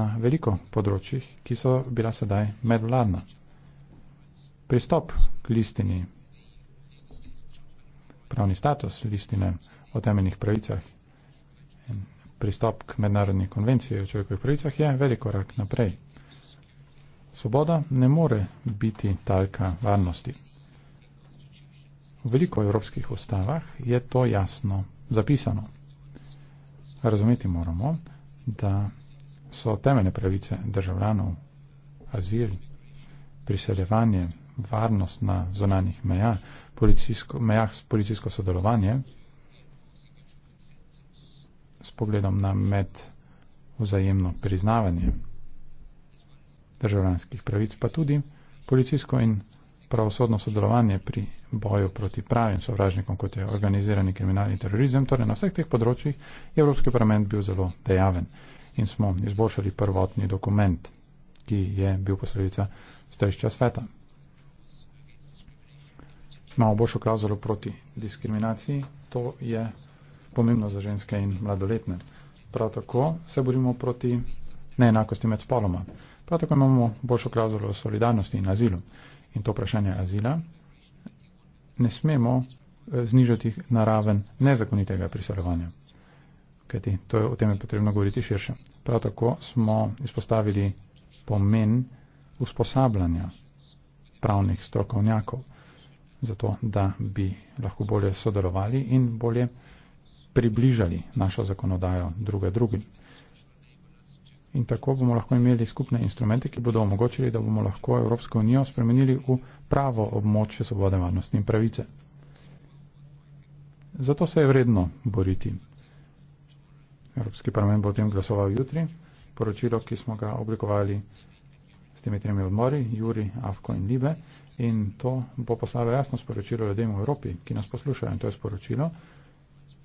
na veliko področjih, ki so bila sedaj medvladna. Pristop k listini, pravni status listine o temeljnih pravicah pristop k mednarodni konvenciji o človekovih pravicah je velik korak naprej. Svoboda ne more biti talka varnosti. V veliko evropskih ustavah je to jasno zapisano. Razumeti moramo, da so temeljne pravice državljanov, azil, priseljevanje, varnost na zonanih meja, policijsko, mejah s policijsko sodelovanje, s pogledom na med vzajemno priznavanje državljanskih pravic, pa tudi policijsko in pravosodno sodelovanje pri boju proti pravim sovražnikom, kot je organizirani kriminalni terorizem. Torej na vseh teh področjih je Evropski parlament bil zelo dejaven in smo izboljšali prvotni dokument, ki je bil posledica stališča sveta. Imamo boljšo klauzulo proti diskriminaciji, to je pomembno za ženske in mladoletne. Prav tako se borimo proti neenakosti med spoloma. Prav tako imamo boljšo klauzulo o solidarnosti in azilu. In to vprašanje azila ne smemo eh, znižati na raven nezakonitega priseljevanja. Kajti to je, o tem je potrebno govoriti širše. Prav tako smo izpostavili pomen usposabljanja pravnih strokovnjakov, zato da bi lahko bolje sodelovali in bolje približali našo zakonodajo druge drugim. In tako bomo lahko imeli skupne instrumente, ki bodo omogočili, da bomo lahko Evropsko unijo spremenili v pravo območje svobode, varnosti in pravice. Zato se je vredno boriti. Evropski parlament bo o tem glasoval jutri. Poročilo, ki smo ga oblikovali s temi tremi odmori, Juri, Avko in Libe. In to bo poslalo jasno sporočilo ljudem v Evropi, ki nas poslušajo. In to je sporočilo,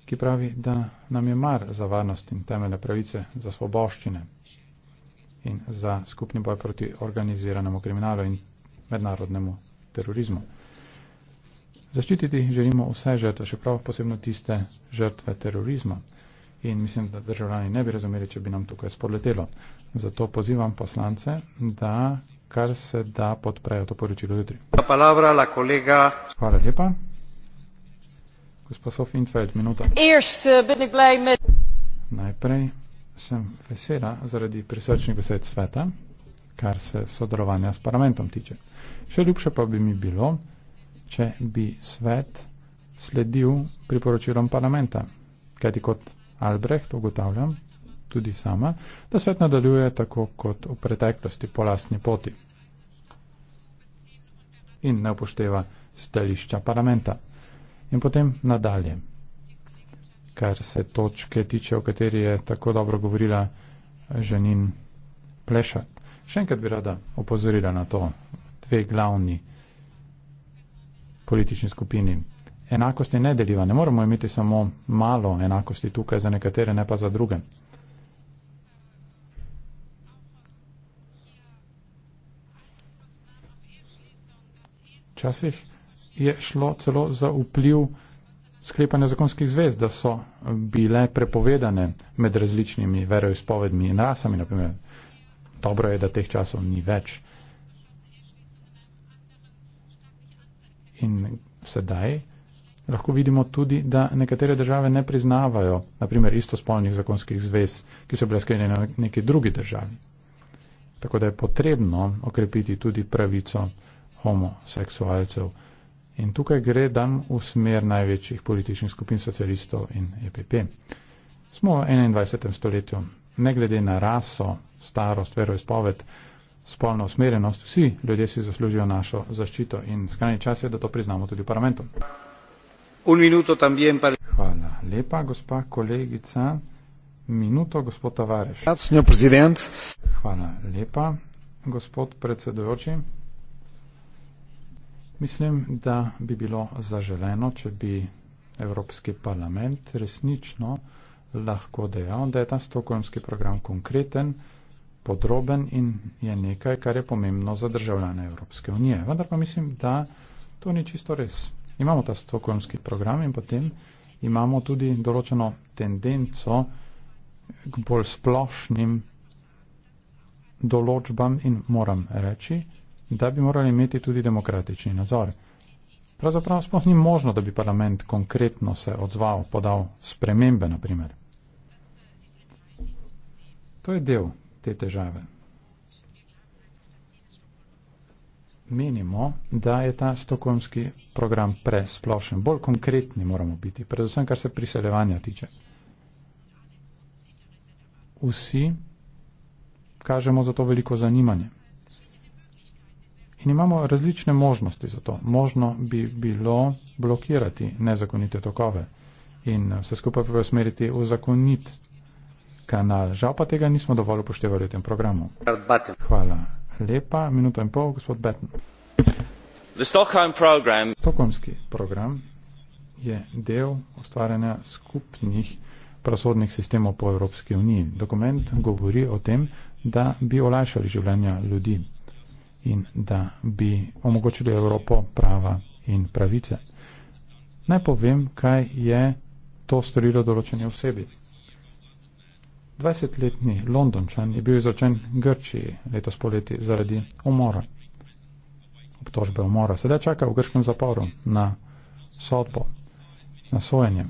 ki pravi, da nam je mar za varnost in temeljne pravice, za svoboščine in za skupni boj proti organiziranemu kriminalu in mednarodnemu terorizmu. Zaščititi želimo vse žrtve, še prav posebno tiste žrtve terorizma. In mislim, da državljani ne bi razumeli, če bi nam tukaj spodletelo. Zato pozivam poslance, da kar se da podprejo to poročilo jutri. Hvala lepa. Gospod Sofintveld, minuta. Eerst, uh, met... Najprej sem vesela zaradi prisrčnih besed sveta, kar se sodelovanja s parlamentom tiče. Še ljubše pa bi mi bilo, če bi svet sledil priporočilom parlamenta, kajti kot Albrecht ugotavljam tudi sama, da svet nadaljuje tako kot v preteklosti po lastni poti in ne upošteva stališča parlamenta in potem nadalje. Kar se točke tiče, o kateri je tako dobro govorila ženin Pleša. Še enkrat bi rada opozorila na to dve glavni politični skupini. Enakost je nedeljiva, ne moramo imeti samo malo enakosti tukaj za nekatere, ne pa za druge. Včasih je šlo celo za vpliv sklepanja zakonskih zvez, da so bile prepovedane med različnimi veroizpovedmi in rasami. Naprimer. Dobro je, da teh časov ni več. In sedaj lahko vidimo tudi, da nekatere države ne priznavajo, naprimer, istospolnih zakonskih zvez, ki so bile sklenjene v neki drugi državi. Tako da je potrebno okrepiti tudi pravico homoseksualcev In tukaj gre dan v smer največjih političnih skupin socialistov in EPP. Smo v 21. stoletju, ne glede na raso, starost, veroizpoved, spolno usmerjenost, vsi ljudje si zaslužijo našo zaščito in skrajni čas je, da to priznamo tudi v parlamentu. Hvala lepa, gospa kolegica. Minuto, gospod Tavares. Hvala lepa, gospod predsedujoči. Mislim, da bi bilo zaželeno, če bi Evropski parlament resnično lahko dejal, da je ta stokholmski program konkreten, podroben in je nekaj, kar je pomembno za državljane Evropske unije. Vendar pa mislim, da to ni čisto res. Imamo ta stokholmski program in potem imamo tudi določeno tendenco k bolj splošnim določbam in moram reči, da bi morali imeti tudi demokratični nadzor. Pravzaprav sploh ni možno, da bi parlament konkretno se odzval, podal spremembe, naprimer. To je del te težave. Menimo, da je ta stokholmski program presplošen, bolj konkretni moramo biti, predvsem kar se priseljevanja tiče. Vsi kažemo za to veliko zanimanje. In imamo različne možnosti za to. Možno bi bilo blokirati nezakonite tokove in eh, se skupaj preusmeriti v zakonit kanal. Žal pa tega nismo dovolj upoštevali v tem programu. Hvala. Lepa, minuto in pol, gospod Betten. Program. Stokholmski program je del ustvarjanja skupnih prasodnih sistemov po Evropski uniji. Dokument govori o tem, da bi olajšali življenja ljudi in da bi omogočili Evropo prava in pravice. Naj povem, kaj je to storilo določeni osebi. 20-letni londončan je bil izročen Grčiji letos poleti zaradi umora. Obtožbe umora. Sedaj čaka v grškem zaporu na sodbo, na sojenje.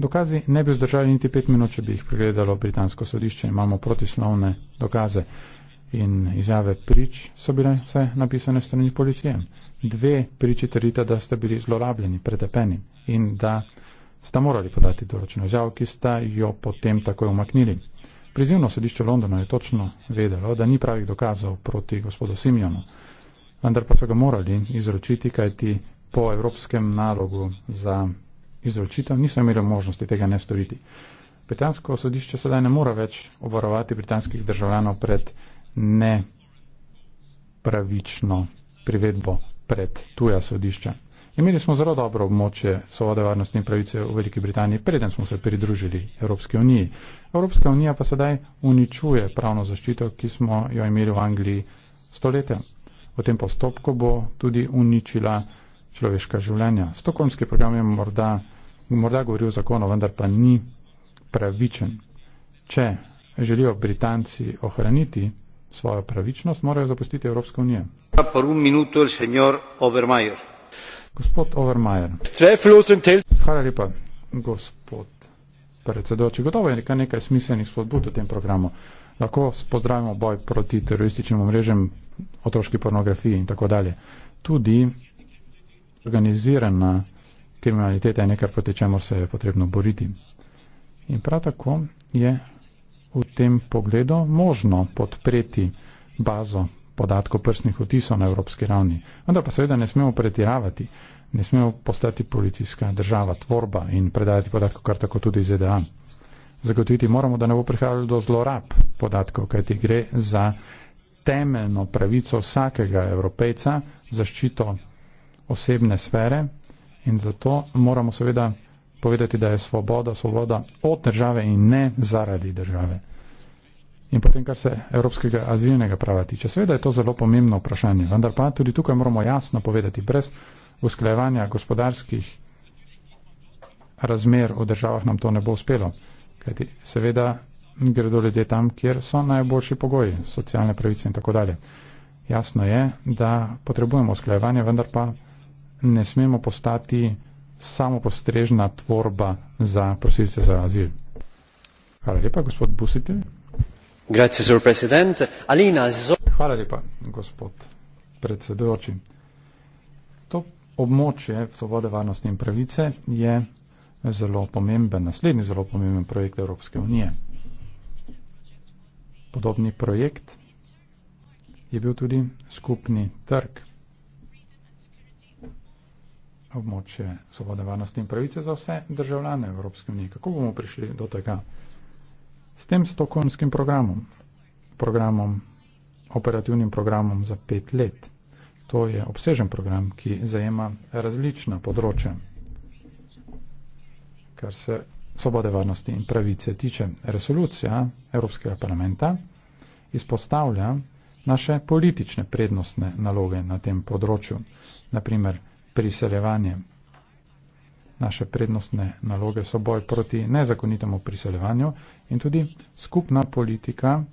Dokazi ne bi vzdržali niti pet minut, če bi jih pregledalo britansko sodišče. Imamo protislovne dokaze in izjave prič so bile vse napisane strani policije. Dve priči trdita, da ste bili zlorabljeni, pretepeni in da sta morali podati določeno izjavo, ki sta jo potem takoj umaknili. Prizivno sodišče Londona je točno vedelo, da ni pravih dokazov proti gospodu Simjonu, vendar pa so ga morali izročiti, kajti po evropskem nalogu za izročitev niso imeli možnosti tega ne storiti. Britansko sodišče sedaj ne mora več obvarovati britanskih državljanov pred nepravično privedbo pred tuja sodišča. Imeli smo zelo dobro območje svobode varnosti in pravice v Veliki Britaniji, preden smo se pridružili Evropski uniji. Evropska unija pa sedaj uničuje pravno zaščito, ki smo jo imeli v Angliji stoletja. V tem postopku bo tudi uničila človeška življenja. Stokholmski program je morda, morda govoril zakon, vendar pa ni pravičen. Če želijo Britanci ohraniti svojo pravičnost, morajo zapustiti Evropsko unijo. Gospod Overmajer. Hvala lepa, gospod predsedoči. Gotovo je nekaj, nekaj smiselnih spodbud v tem programu. Lahko pozdravimo boj proti terorističnim mrežem, otroški pornografiji in tako dalje. Tudi organizirana kriminaliteta je nekaj, proti čemu se je potrebno boriti. In prav tako je v tem pogledu možno podpreti bazo podatkov prstnih otisov na evropski ravni. Vendar pa seveda ne smemo pretiravati, ne smemo postati policijska država, tvorba in predajati podatkov kar tako tudi ZDA. Zagotoviti moramo, da ne bo prihajalo do zlorab podatkov, kajti gre za temeljno pravico vsakega evropejca, zaščito osebne sfere in zato moramo seveda povedati, da je svoboda, svoboda od države in ne zaradi države. In potem, kar se evropskega azilnega prava tiče, seveda je to zelo pomembno vprašanje, vendar pa tudi tukaj moramo jasno povedati, brez usklajevanja gospodarskih razmer v državah nam to ne bo uspelo. Kajti seveda gredo ljudje tam, kjer so najboljši pogoji, socialne pravice in tako dalje. Jasno je, da potrebujemo usklajevanje, vendar pa ne smemo postati samopostrežna tvorba za prosilce za azil. Hvala lepa, gospod Busitelj. Grazie, sir president. Alina, zo... Hvala lepa, gospod predsedujoči. To območje svobode, varnosti in pravice je zelo pomemben, naslednji zelo pomemben projekt Evropske unije. Podobni projekt je bil tudi skupni trg območje svobode, varnosti in pravice za vse državljane Evropske unije. Kako bomo prišli do tega? S tem stokholmskim programom, programom, operativnim programom za pet let. To je obsežen program, ki zajema različna področja, kar se svobode, varnosti in pravice tiče. Resolucija Evropskega parlamenta izpostavlja naše politične prednostne naloge na tem področju. Naprimer, priseljevanjem. Naše prednostne naloge so boj proti nezakonitemu priseljevanju in tudi skupna politika,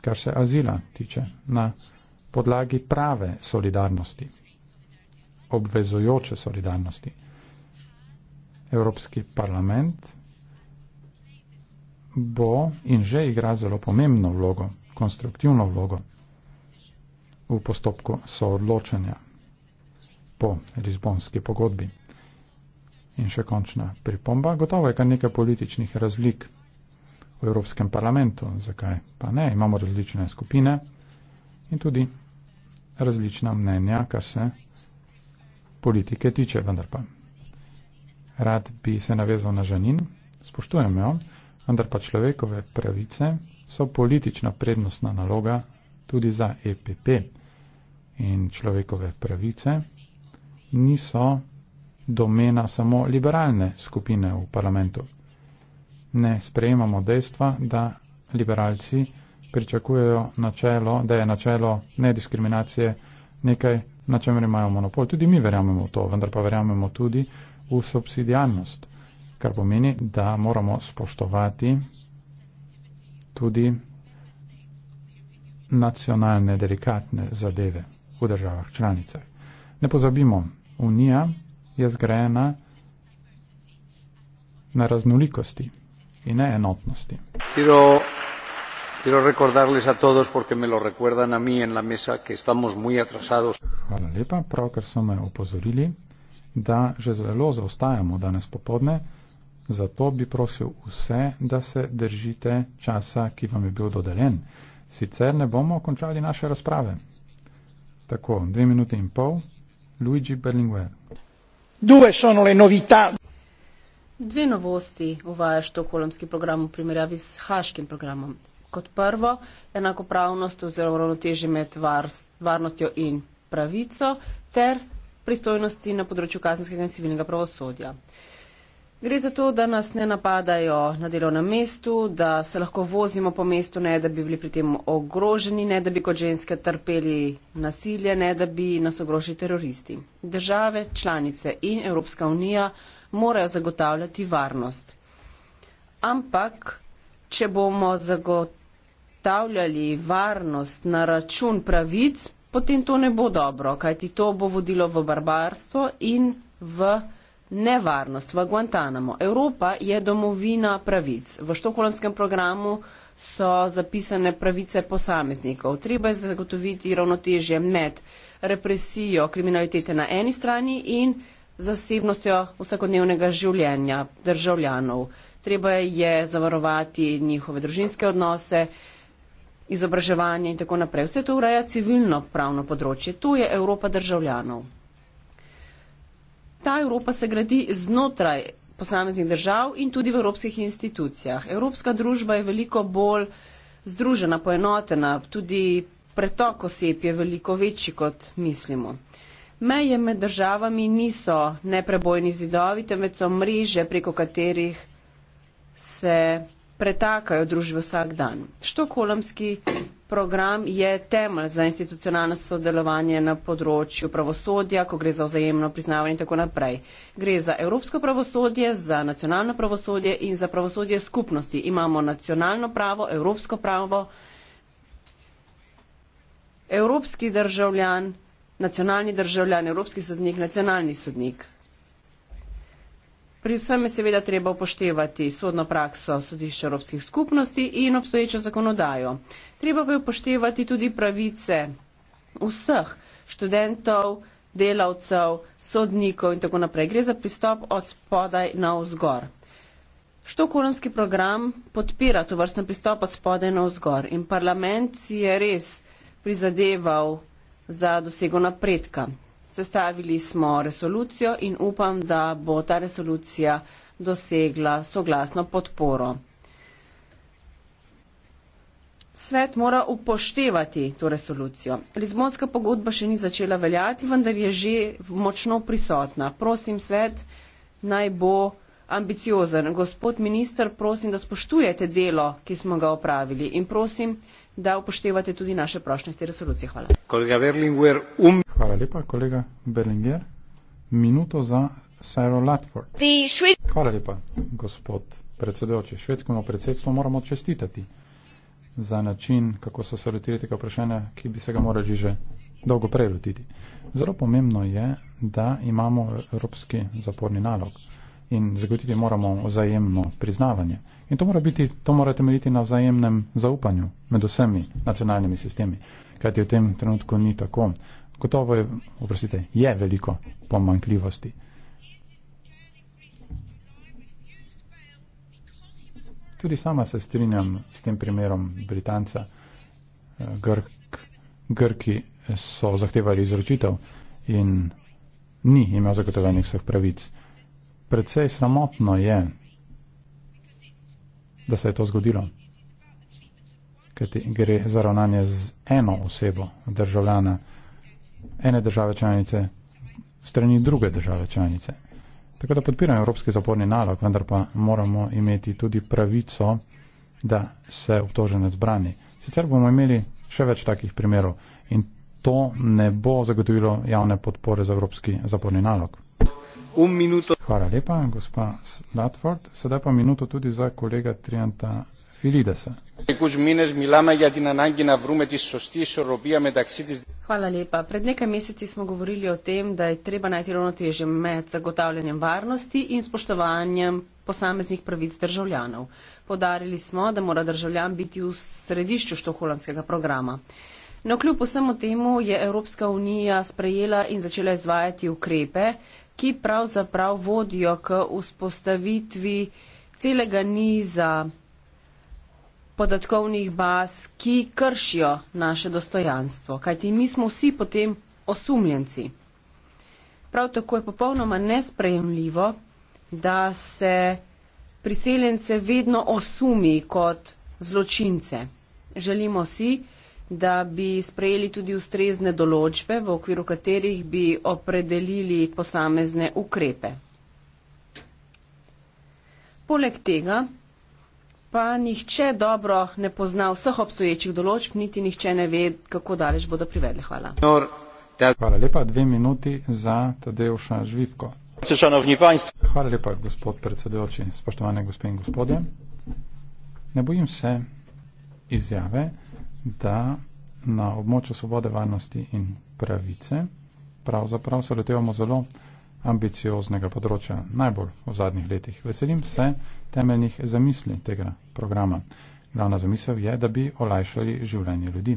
kar se azila tiče, na podlagi prave solidarnosti, obvezojoče solidarnosti. Evropski parlament bo in že igra zelo pomembno vlogo, konstruktivno vlogo v postopku soodločanja po Lizbonski pogodbi. In še končna pripomba, gotovo je kar nekaj političnih razlik v Evropskem parlamentu, zakaj pa ne, imamo različne skupine in tudi različna mnenja, kar se politike tiče, vendar pa. Rad bi se navezal na ženin, spoštujem jo, vendar pa človekove pravice so politična prednostna naloga tudi za EPP in človekove pravice niso domena samo liberalne skupine v parlamentu. Ne sprejemamo dejstva, da liberalci pričakujejo načelo, da je načelo nediskriminacije nekaj, na čemer imajo monopol. Tudi mi verjamemo v to, vendar pa verjamemo tudi v subsidijalnost, kar pomeni, da moramo spoštovati tudi nacionalne delikatne zadeve v državah članicah. Ne pozabimo, unija je zgrajena na raznolikosti in ne enotnosti. Quiero, quiero recordarles a todos, porque me lo recuerdan a mí en la mesa, que estamos muy atrasados. Hvala lepa, pravkar so me opozorili, da že zelo zaostajamo danes popodne, zato bi prosil vse, da se držite časa, ki vam je bil dodeljen. Sicer ne bomo končali naše razprave. Tako, dve minute in pol. Luigi Berlinguer. Due sono le novità. Dve novosti uvaja štokholmski program v primerjavi s haškim programom. Kot prvo, enakopravnost oziroma ravnoteži med varnostjo in pravico ter pristojnosti na področju kazenskega in civilnega pravosodja. Gre za to, da nas ne napadajo na delovnem mestu, da se lahko vozimo po mestu, ne da bi bili pri tem ogroženi, ne da bi kot ženske trpeli nasilje, ne da bi nas ogrožili teroristi. Države, članice in Evropska unija morajo zagotavljati varnost. Ampak, če bomo zagotavljali varnost na račun pravic, potem to ne bo dobro, kajti to bo vodilo v barbarstvo in v nevarnost v Guantanamo. Evropa je domovina pravic. V štokholmskem programu so zapisane pravice posameznikov. Treba je zagotoviti ravnotežje med represijo kriminalitete na eni strani in zasebnostjo vsakodnevnega življenja državljanov. Treba je zavarovati njihove družinske odnose, izobraževanje in tako naprej. Vse to ureja civilno pravno področje. To je Evropa državljanov ta Evropa se gradi znotraj posameznih držav in tudi v evropskih institucijah. Evropska družba je veliko bolj združena, poenotena, tudi pretok oseb je veliko večji, kot mislimo. Meje med državami niso neprebojni zidovi, temveč so mreže, preko katerih se pretakajo družbo vsak dan. Štokolamski program je temelj za institucionalno sodelovanje na področju pravosodja, ko gre za vzajemno priznavanje in tako naprej. Gre za evropsko pravosodje, za nacionalno pravosodje in za pravosodje skupnosti. Imamo nacionalno pravo, evropsko pravo, evropski državljan, nacionalni državljan, evropski sodnik, nacionalni sodnik. Pri vsem je seveda treba upoštevati sodno prakso sodišča evropskih skupnosti in obstoječo zakonodajo. Treba pa je upoštevati tudi pravice vseh študentov, delavcev, sodnikov in tako naprej. Gre za pristop od spodaj na vzgor. Štokolomski program podpira to vrstno pristop od spodaj na vzgor in parlament si je res prizadeval za dosego napredka sestavili smo resolucijo in upam, da bo ta resolucija dosegla soglasno podporo. Svet mora upoštevati to resolucijo. Lizbonska pogodba še ni začela veljati, vendar je že močno prisotna. Prosim, svet naj bo ambiciozen. Gospod minister, prosim, da spoštujete delo, ki smo ga opravili in prosim, da upoštevate tudi naše prošnje z te resolucije. Hvala. Hvala lepa, kolega Berlinger. Minuto za Sarah Latford. Šved... Hvala lepa, gospod predsedujoči. Švedskemu predsedstvu moramo čestitati za način, kako so se lotili tega vprašanja, ki bi se ga morali že dolgo prej lotiti. Zelo pomembno je, da imamo evropski zaporni nalog in zagotiti moramo vzajemno priznavanje. In to mora, biti, to mora temeljiti na vzajemnem zaupanju med vsemi nacionalnimi sistemi, kajti v tem trenutku ni tako gotovo je, oprostite, je veliko pomankljivosti. Tudi sama se strinjam s tem primerom Britanca. Eh, Grk, grki so zahtevali izročitev in ni imel zagotovenih vseh pravic. Predvsej sramotno je, da se je to zgodilo, ker gre za ravnanje z eno osebo državljana ene države članice strani druge države članice. Tako da podpiram evropski zaporni nalog, vendar pa moramo imeti tudi pravico, da se obtoženec brani. Sicer bomo imeli še več takih primerov in to ne bo zagotovilo javne podpore za evropski zaporni nalog. Hvala lepa, gospa Latford. Sedaj pa minuto tudi za kolega Trianta pred nekaj meseci smo govorili o tem da je treba najti ravnotežje med zagotavljanjem varnosti in spoštovanjem posameznih pravic državljanov podarili smo da mora državljan biti v središču štokholmskega programa na no, kljub vsemu temu je evropska unija sprejela in začela izvajati ukrepe ki pravzaprav vodijo k vzpostavitvi celega niza podatkovnih baz, ki kršijo naše dostojanstvo, kajti mi smo vsi potem osumljenci. Prav tako je popolnoma nesprejemljivo, da se priseljence vedno osumi kot zločince. Želimo si, da bi sprejeli tudi ustrezne določbe, v okviru katerih bi opredelili posamezne ukrepe. Poleg tega pa nihče dobro ne pozna vseh obstoječih določb, niti nihče ne ve, kako daleč bodo privedli. Hvala. Hvala lepa, dve minuti za Tadeuša Živko. Hvala lepa, gospod predsedujoči, spoštovane gospe in gospodje. Ne bojim se izjave, da na območju svobode, varnosti in pravice pravzaprav se letevamo zelo ambicioznega področja najbolj v zadnjih letih. Veselim se temeljnih zamisli tega programa. Glavna zamisel je, da bi olajšali življenje ljudi.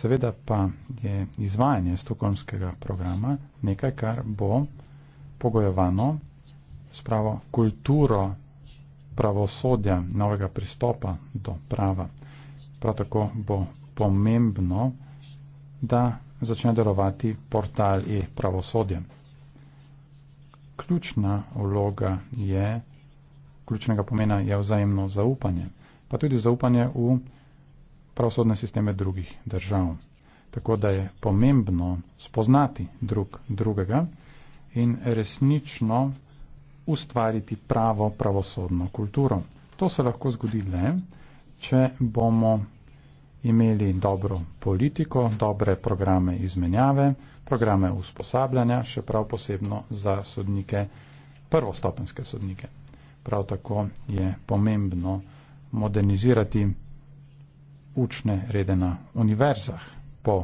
Seveda pa je izvajanje stokholmskega programa nekaj, kar bo pogojevano s pravo kulturo pravosodja, novega pristopa do prava. Prav tako bo pomembno, da začne delovati portal e-pravosodja ključna vloga je, ključnega pomena je vzajemno zaupanje, pa tudi zaupanje v pravosodne sisteme drugih držav. Tako da je pomembno spoznati drug drugega in resnično ustvariti pravo pravosodno kulturo. To se lahko zgodi le, če bomo imeli dobro politiko, dobre programe izmenjave, programe usposabljanja, še prav posebno za sodnike, prvostopenske sodnike. Prav tako je pomembno modernizirati učne rede na univerzah po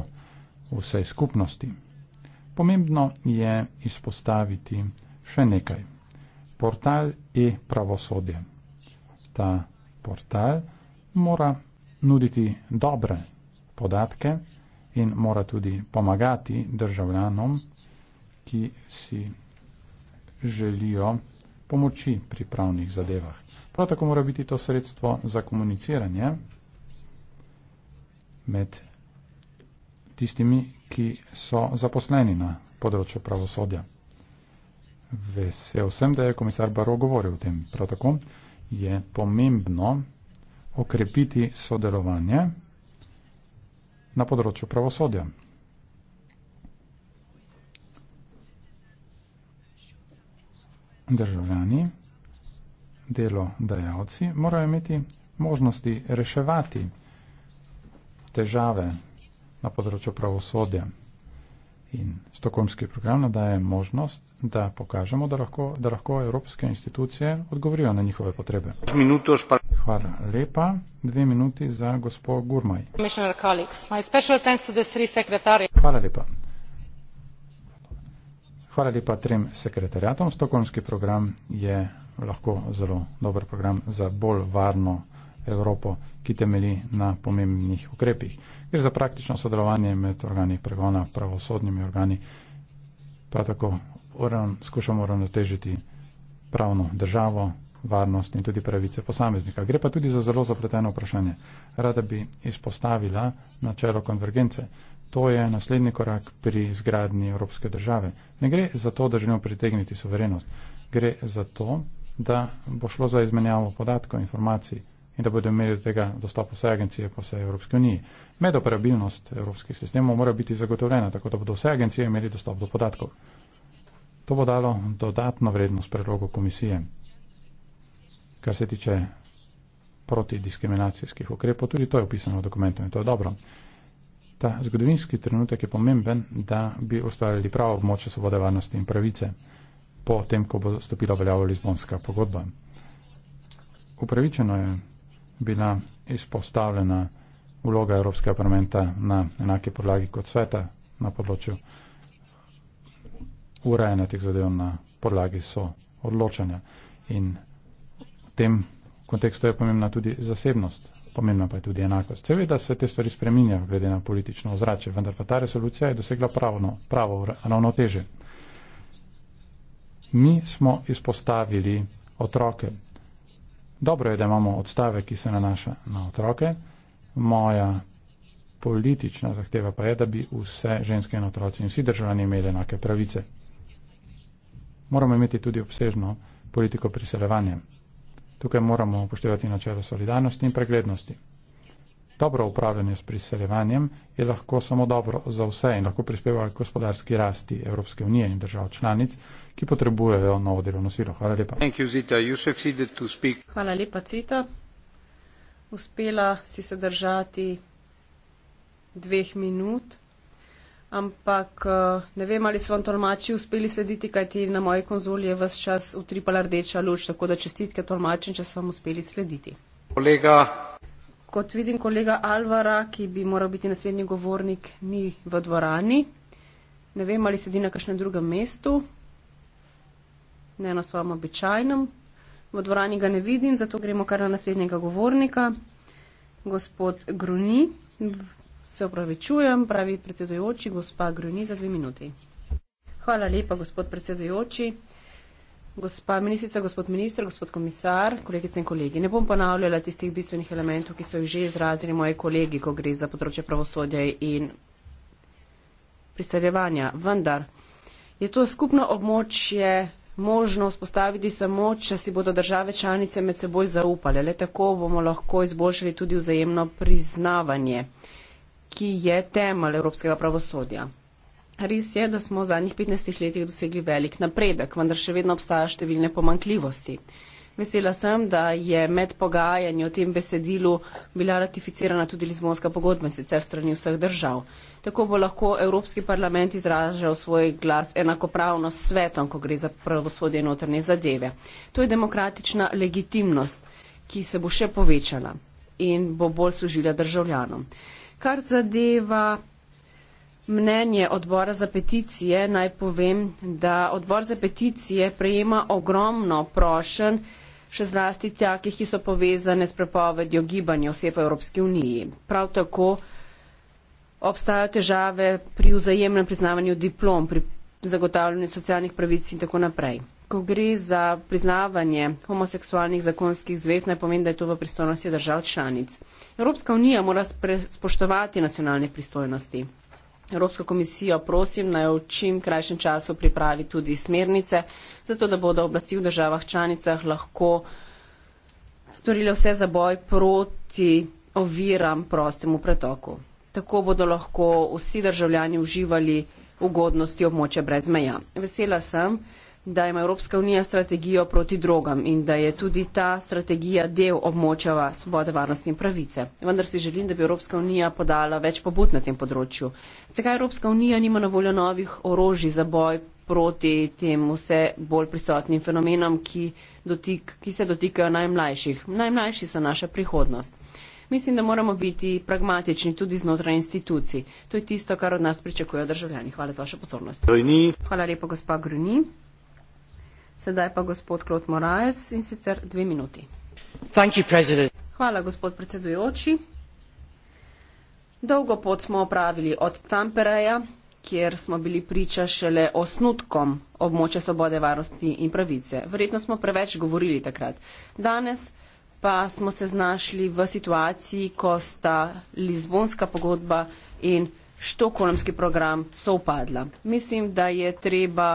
vsej skupnosti. Pomembno je izpostaviti še nekaj. Portal e-pravosodje. Ta portal mora nuditi dobre podatke in mora tudi pomagati državljanom, ki si želijo pomoči pri pravnih zadevah. Prav tako mora biti to sredstvo za komuniciranje med tistimi, ki so zaposleni na področju pravosodja. Vesel sem, da je komisar Baro govoril o tem. Prav tako je pomembno okrepiti sodelovanje na področju pravosodja. Državljani, delo dajalci morajo imeti možnosti reševati težave na področju pravosodja. In stokholmski program nam daje možnost, da pokažemo, da lahko, da lahko evropske institucije odgovorijo na njihove potrebe. Hvala lepa. Dve minuti za gospod Gurmaj. Hvala lepa. Hvala lepa trem sekretarjatom. Stokholmski program je lahko zelo dober program za bolj varno. Evropo, ki temeli na pomembnih ukrepih. Gre za praktično sodelovanje med organi pregona, pravosodnimi organi, prav tako uran, skušamo uravnotežiti pravno državo, varnost in tudi pravice posameznika. Gre pa tudi za zelo zapleteno vprašanje. Rada bi izpostavila načelo konvergence. To je naslednji korak pri izgradnji Evropske države. Ne gre za to, da želimo pritegniti suverenost. Gre za to, da bo šlo za izmenjavo podatkov, informacij, in da bodo imeli do tega dostop vse agencije po vsej Evropski uniji. Medoperabilnost evropskih sistemov mora biti zagotovljena, tako da bodo vse agencije imeli dostop do podatkov. To bo dalo dodatno vrednost predlogu komisije. Kar se tiče protidiskriminacijskih ukrepov, tudi to je opisano v dokumentu in to je dobro. Ta zgodovinski trenutek je pomemben, da bi ustvarili pravo območje svobode, varnosti in pravice po tem, ko bo stopila veljavo Lizbonska pogodba. Upravičeno je bila izpostavljena vloga Evropskega parlamenta na enake podlagi kot sveta na področju urejanja teh zadev na podlagi so odločanja. In v tem kontekstu je pomembna tudi zasebnost, pomembna pa je tudi enakost. Seveda se te stvari spreminjajo glede na politično ozračje, vendar pa ta resolucija je dosegla pravno, pravo ravnoteže. Mi smo izpostavili otroke, Dobro je, da imamo odstave, ki se nanaša na otroke. Moja politična zahteva pa je, da bi vse ženske in otroci in vsi državljani imeli enake pravice. Moramo imeti tudi obsežno politiko priseljevanja. Tukaj moramo upoštevati načelo solidarnosti in preglednosti. Dobro upravljanje s priseljevanjem je lahko samo dobro za vse in lahko prispeva k gospodarski rasti Evropske unije in držav članic, ki potrebujejo novo delovno silo. Hvala lepa. Hvala lepa, Cita. Uspela si se držati dveh minut, ampak eh, ne vem, ali so vam tolmači uspeli slediti, kajti na moji konzoli je vse čas utripala rdeča luč, tako da čestitke tolmačem, če so vam uspeli slediti. Kolega kot vidim, kolega Alvara, ki bi moral biti naslednji govornik, ni v dvorani. Ne vem, ali sedi na kakšnem drugem mestu, ne na svojem običajnem. V dvorani ga ne vidim, zato gremo kar na naslednjega govornika. Gospod Gruni, se opravičujem, pravi predsedojoči, gospa Gruni, za dve minuti. Hvala lepa, gospod predsedojoči. Gospa ministrica, gospod ministr, gospod komisar, kolegice in kolegi. Ne bom ponavljala tistih bistvenih elementov, ki so jih že izrazili moji kolegi, ko gre za področje pravosodja in pristarjevanja. Vendar je to skupno območje možno vzpostaviti samo, če si bodo države članice med seboj zaupale. Le tako bomo lahko izboljšali tudi vzajemno priznavanje, ki je temelj evropskega pravosodja. Res je, da smo v zadnjih 15 letih dosegli velik napredek, vendar še vedno obstajajo številne pomankljivosti. Vesela sem, da je med pogajanji o tem besedilu bila ratificirana tudi Lizbonska pogodba in sicer strani vseh držav. Tako bo lahko Evropski parlament izražal svoj glas enakopravno s svetom, ko gre za pravosodje notrne zadeve. To je demokratična legitimnost, ki se bo še povečala in bo bolj služila državljanom. Kar zadeva mnenje odbora za peticije, naj povem, da odbor za peticije prejema ogromno prošen, še zlasti takih, ki so povezane s prepovedjo gibanja oseb v Evropski uniji. Prav tako obstajajo težave pri vzajemnem priznavanju diplom, pri zagotavljanju socialnih pravic in tako naprej. Ko gre za priznavanje homoseksualnih zakonskih zvez, naj povem, da je to v pristojnosti držav članic. Evropska unija mora spoštovati nacionalne pristojnosti. Evropsko komisijo prosim, naj v čim krajšem času pripravi tudi smernice, zato da bodo oblasti v državah članicah lahko storile vse za boj proti oviram prostemu pretoku. Tako bodo lahko vsi državljani uživali ugodnosti območja brez meja. Vesela sem, da ima Evropska unija strategijo proti drogam in da je tudi ta strategija del območja svobode, varnosti in pravice. Vendar si želim, da bi Evropska unija podala več pobud na tem področju. Zakaj Evropska unija nima na voljo novih orožij za boj proti tem vse bolj prisotnim fenomenom, ki, dotik, ki se dotikajo najmlajših? Najmlajši so naša prihodnost. Mislim, da moramo biti pragmatični tudi znotraj institucij. To je tisto, kar od nas pričakujejo državljani. Hvala za vašo pozornost. Hvala lepa, gospa Gruni. Sedaj pa gospod Klot Moraes in sicer dve minuti. Hvala, gospod predsedujoči. Dolgo pot smo opravili od Tampereja, kjer smo bili priča šele osnutkom območja svobode, varosti in pravice. Verjetno smo preveč govorili takrat. Danes pa smo se znašli v situaciji, ko sta Lizbonska pogodba in Štokholmski program so upadla. Mislim, da je treba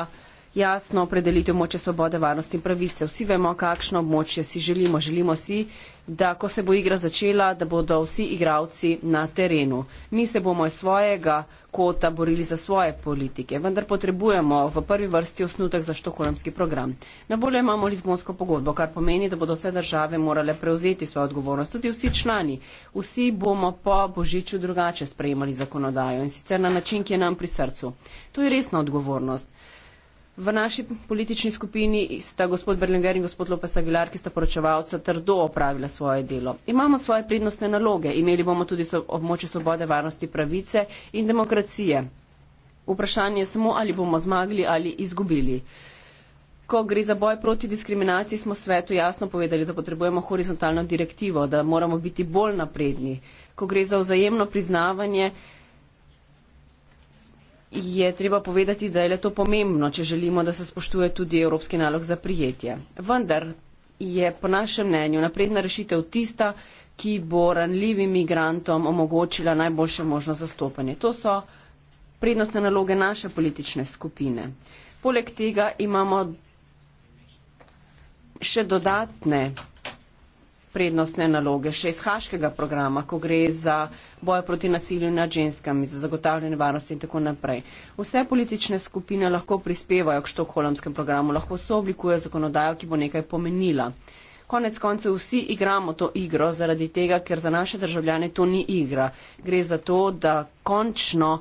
jasno opredelitev moče svobode, varnosti in pravice. Vsi vemo, kakšno območje si želimo. Želimo si, da ko se bo igra začela, da bodo vsi igravci na terenu. Mi se bomo iz svojega kota borili za svoje politike, vendar potrebujemo v prvi vrsti osnutek za štokolemski program. Na voljo imamo Lizbonsko pogodbo, kar pomeni, da bodo vse države morale prevzeti svojo odgovornost, tudi vsi člani. Vsi bomo po božiču drugače sprejemali zakonodajo in sicer na način, ki je nam pri srcu. To je resna odgovornost. V naši politični skupini sta gospod Berlinger in gospod Lopes Aguilar, ki sta poročevalca, trdo opravila svoje delo. Imamo svoje prednostne naloge, imeli bomo tudi so območje svobode, varnosti, pravice in demokracije. Vprašanje je samo, ali bomo zmagli ali izgubili. Ko gre za boj proti diskriminaciji, smo svetu jasno povedali, da potrebujemo horizontalno direktivo, da moramo biti bolj napredni. Ko gre za vzajemno priznavanje, je treba povedati, da je le to pomembno, če želimo, da se spoštuje tudi evropski nalog za prijetje. Vendar je po našem mnenju napredna rešitev tista, ki bo ranljivim migrantom omogočila najboljše možno zastopanje. To so prednostne naloge naše politične skupine. Poleg tega imamo še dodatne prednostne naloge še iz haškega programa, ko gre za boj proti nasilju nad ženskami, za zagotavljanje varnosti in tako naprej. Vse politične skupine lahko prispevajo k štokholmskem programu, lahko sooblikujejo zakonodajo, ki bo nekaj pomenila. Konec koncev vsi igramo to igro zaradi tega, ker za naše državljane to ni igra. Gre za to, da končno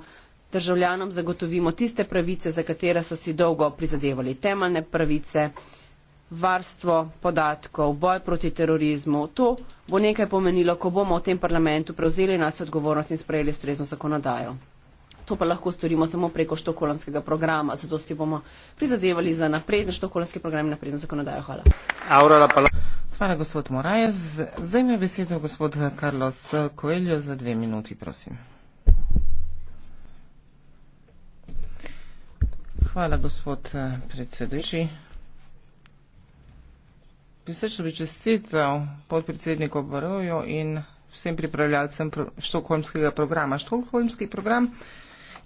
državljanom zagotovimo tiste pravice, za katere so si dolgo prizadevali. Temeljne pravice varstvo podatkov, boj proti terorizmu. To bo nekaj pomenilo, ko bomo v tem parlamentu prevzeli nas odgovornost in sprejeli ustrezno zakonodajo. To pa lahko storimo samo preko štokolanskega programa, zato si bomo prizadevali za napredni štokolanski program in napredno zakonodajo. Hvala. Hvala, gospod Morajez. Zdaj ima besedo gospod Carlos Coelho za dve minuti, prosim. Hvala, gospod eh, predsedujoči. Prisrčno bi čestitev podpredsedniku Barovju in vsem pripravljalcem štokholmskega programa. Štokholmski program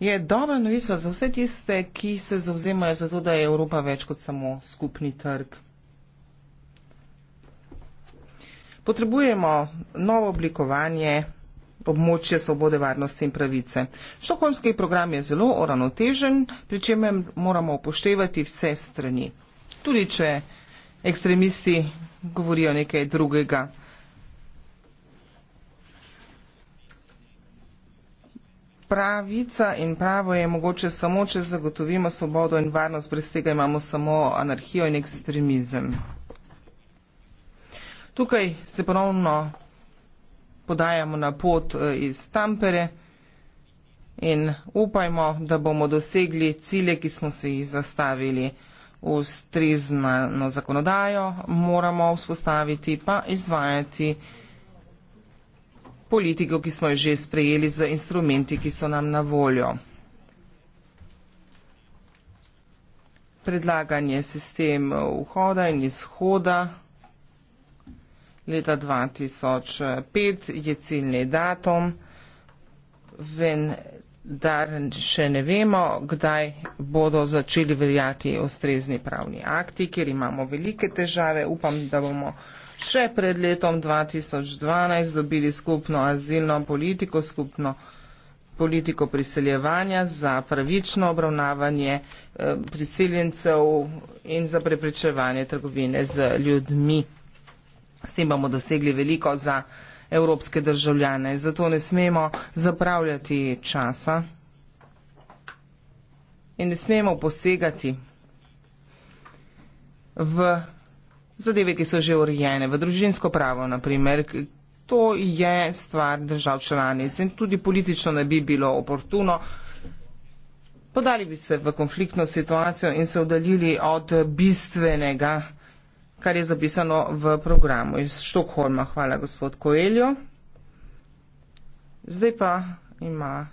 je dobra novica za vse tiste, ki se zauzemajo za to, da je Evropa več kot samo skupni trg. Potrebujemo novo oblikovanje območje svobode, varnosti in pravice. Štokholmski program je zelo oranotežen, pri čemer moramo upoštevati vse strani. Tudi če ekstremisti govorijo nekaj drugega. Pravica in pravo je mogoče samo, če zagotovimo svobodo in varnost, brez tega imamo samo anarhijo in ekstremizem. Tukaj se ponovno podajamo na pot eh, iz Tampere in upajmo, da bomo dosegli cilje, ki smo se jih zastavili ustrezno zakonodajo moramo vzpostaviti pa izvajati politiko, ki smo jo že sprejeli z instrumenti, ki so nam na voljo. Predlaganje sistem vhoda in izhoda leta 2005 je ciljni datum, ven da še ne vemo, kdaj bodo začeli veljati ustrezni pravni akti, ker imamo velike težave. Upam, da bomo še pred letom 2012 dobili skupno azilno politiko, skupno politiko priseljevanja za pravično obravnavanje eh, priseljencev in za preprečevanje trgovine z ljudmi. S tem bomo dosegli veliko za evropske državljane. Zato ne smemo zapravljati časa in ne smemo posegati v zadeve, ki so že urejene, v družinsko pravo, naprimer. To je stvar držav članic in tudi politično ne bi bilo oportuno. Podali bi se v konfliktno situacijo in se oddaljili od bistvenega kar je zapisano v programu iz Štokholma. Hvala, gospod Koeljo. Zdaj pa ima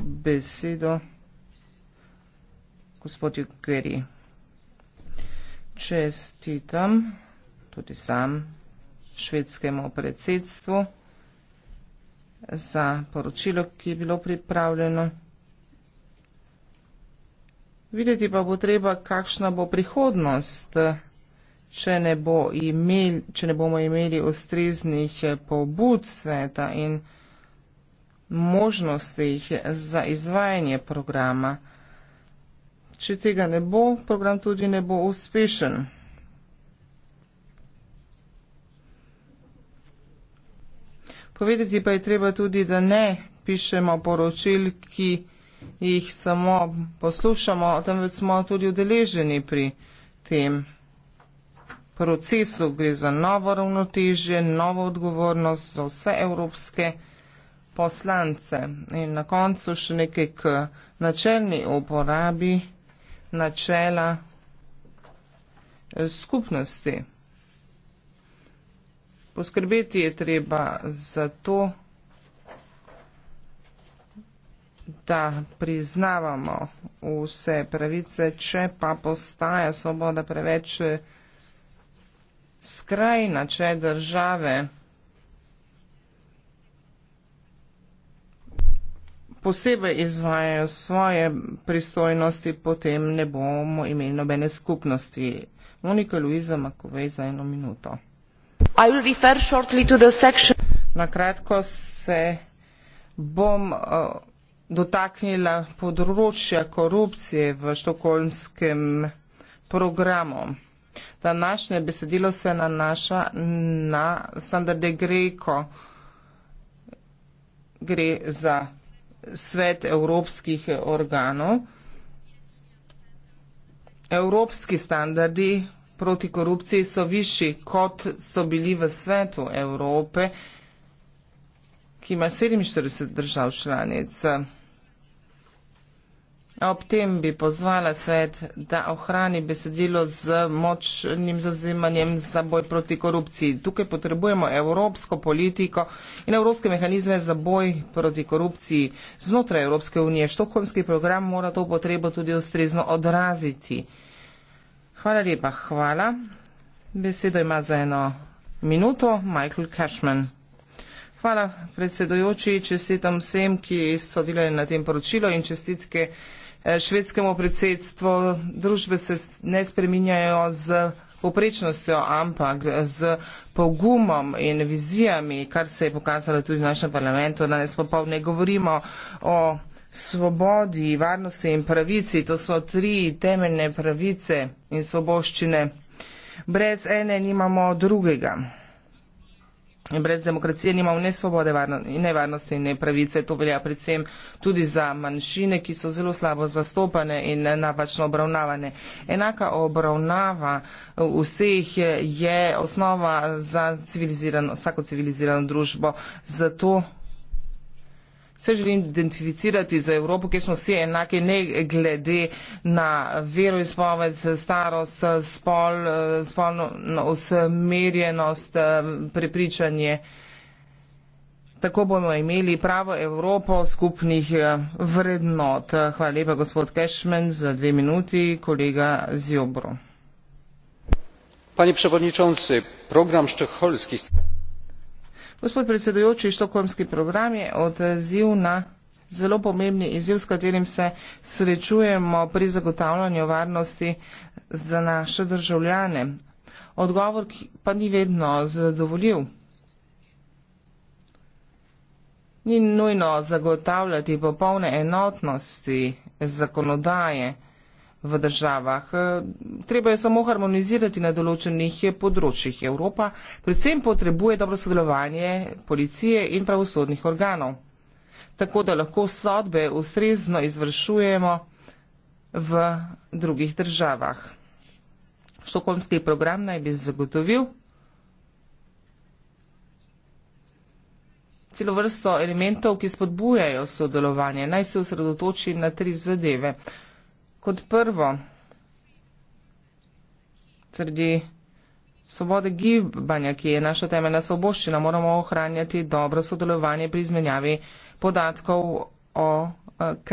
besedo gospod Jukveri. Čestitam tudi sam švedskemu predsedstvu za poročilo, ki je bilo pripravljeno. Videti pa bo treba, kakšna bo prihodnost, če ne, bo imel, če ne bomo imeli ustreznih pobud sveta in možnosti za izvajanje programa. Če tega ne bo, program tudi ne bo uspešen. Povedati pa je treba tudi, da ne pišemo poročil, ki jih samo poslušamo, temveč smo tudi udeleženi pri tem procesu. Gre za novo ravnotežje, novo odgovornost za vse evropske poslance. In na koncu še nekaj k načelni uporabi načela eh, skupnosti. Poskrbeti je treba za to, da priznavamo vse pravice, če pa postaja svoboda preveč eh, skrajna, če države posebej izvajajo svoje pristojnosti, potem ne bomo imeli nobene skupnosti. Monika Luiza Makovej za eno minuto. I will refer shortly to the section. Na kratko se bom uh, dotaknila področja korupcije v štokholmskem programu. Današnje besedilo se nanaša na standarde Greko. Gre za svet evropskih organov. Evropski standardi proti korupciji so višji, kot so bili v svetu Evrope, ki ima 47 držav članic. Ob tem bi pozvala svet, da ohrani besedilo z močnim zauzemanjem za boj proti korupciji. Tukaj potrebujemo evropsko politiko in evropske mehanizme za boj proti korupciji znotraj Evropske unije. Štokholmski program mora to potrebo tudi ustrezno odraziti. Hvala lepa, hvala. Besedo ima za eno minuto Michael Cashman. Hvala predsedojoči, čestitam vsem, ki so delali na tem poročilu in čestitke. Eh, švedskemu predsedstvu družbe se ne spreminjajo z poprečnostjo, ampak z pogumom in vizijami, kar se je pokazalo tudi v našem parlamentu. Danes popovdne govorimo o svobodi, varnosti in pravici. To so tri temeljne pravice in svoboščine. Brez ene nimamo drugega. In brez demokracije nimamo ne svobode varno, in ne varnosti in ne pravice. To velja predvsem tudi za manjšine, ki so zelo slabo zastopane in napačno obravnavane. Enaka obravnava eh, vseh je osnova za civilizirano, vsako civilizirano družbo. Zato se želim identificirati za Evropo, kjer smo vsi enaki, ne glede na veroizpoved, starost, spol, spolno no, usmerjenost, prepričanje. Tako bomo imeli pravo Evropo skupnih vrednot. Hvala lepa, gospod Cashman, za dve minuti, kolega Zjobro. Panie przewodniczący, program sztokholmski. Gospod predsedujoči, štokholmski program je odziv na zelo pomembni izziv, s katerim se srečujemo pri zagotavljanju varnosti za naše državljane. Odgovor pa ni vedno zadovoljiv. Ni nujno zagotavljati popolne enotnosti zakonodaje v državah. E, treba je samo harmonizirati na določenih področjih. Evropa predvsem potrebuje dobro sodelovanje policije in pravosodnih organov, tako da lahko sodbe ustrezno izvršujemo v drugih državah. Štokholmski program naj bi zagotovil celo vrsto elementov, ki spodbujajo sodelovanje. Naj se osredotočim na tri zadeve. Kot prvo, sredi svobode gibanja, ki je naša temeljna svoboščina, moramo ohranjati dobro sodelovanje pri izmenjavi podatkov o eh,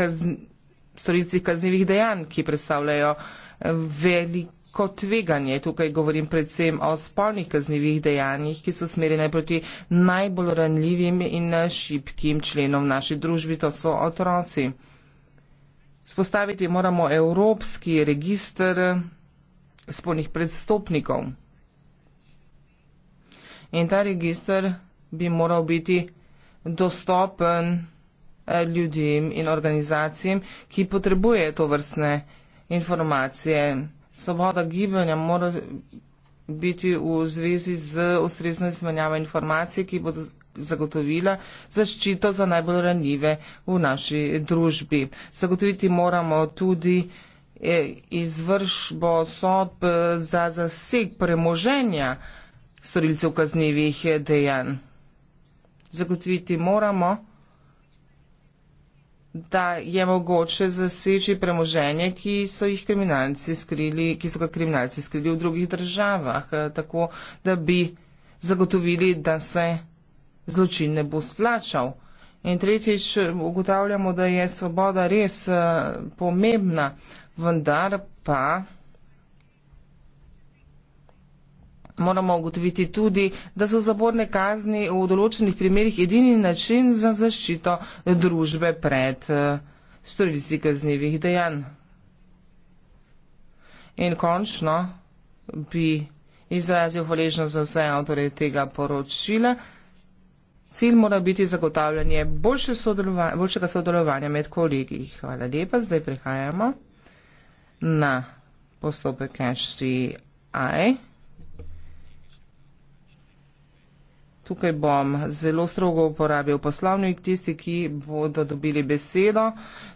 storilcih kaznivih dejanj, ki predstavljajo eh, veliko tveganje. Tukaj govorim predvsem o spolnih kaznivih dejanjih, ki so smerjene proti najbolj ranljivim in eh, šibkim členom naše družbi, to so otroci. Spostaviti moramo evropski registr spolnih predstopnikov. In ta registr bi moral biti dostopen eh, ljudem in organizacijam, ki potrebuje to vrstne informacije. Svoboda gibanja mora biti v zvezi z ustrezno izmenjavo informacij, ki bodo zagotovila zaščito za najbolj ranjive v naši družbi. Zagotoviti moramo tudi e, izvršbo sodb e, za zaseg premoženja storilcev kaznjivih e, dejanj. Zagotoviti moramo, da je mogoče zaseči premoženje, ki so, skrili, ki so ga kriminalci skrili v drugih državah, tako da bi zagotovili, da se zločin ne bo splačal. In tretjič, ugotavljamo, da je svoboda res eh, pomembna, vendar pa moramo ugotoviti tudi, da so zaborne kazni v določenih primerjih edini način za zaščito družbe pred eh, storilci kaznjivih dejanj. In končno bi izrazil hvaležnost za vse avtore tega poročila. Cilj mora biti zagotavljanje boljše sodelova, boljšega sodelovanja med kolegi. Hvala lepa, zdaj prehajamo na postopek HDI. Tukaj bom zelo strogo uporabil poslovnik, tisti, ki bodo dobili besedo.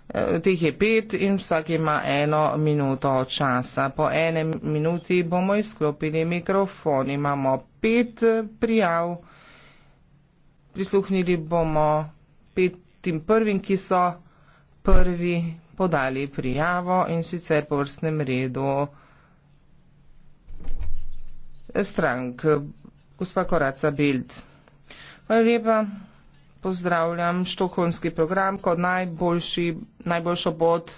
Eh, teh je pet in vsak ima eno minuto časa. Po enem minuti bomo izklopili mikrofon. Imamo pet prijav. Prisluhnili bomo petim prvim, ki so prvi podali prijavo in sicer po vrstnem redu strank. Gospa Koraca Bild. Hvala lepa. Pozdravljam štokholmski program kot najboljši, najboljšo bod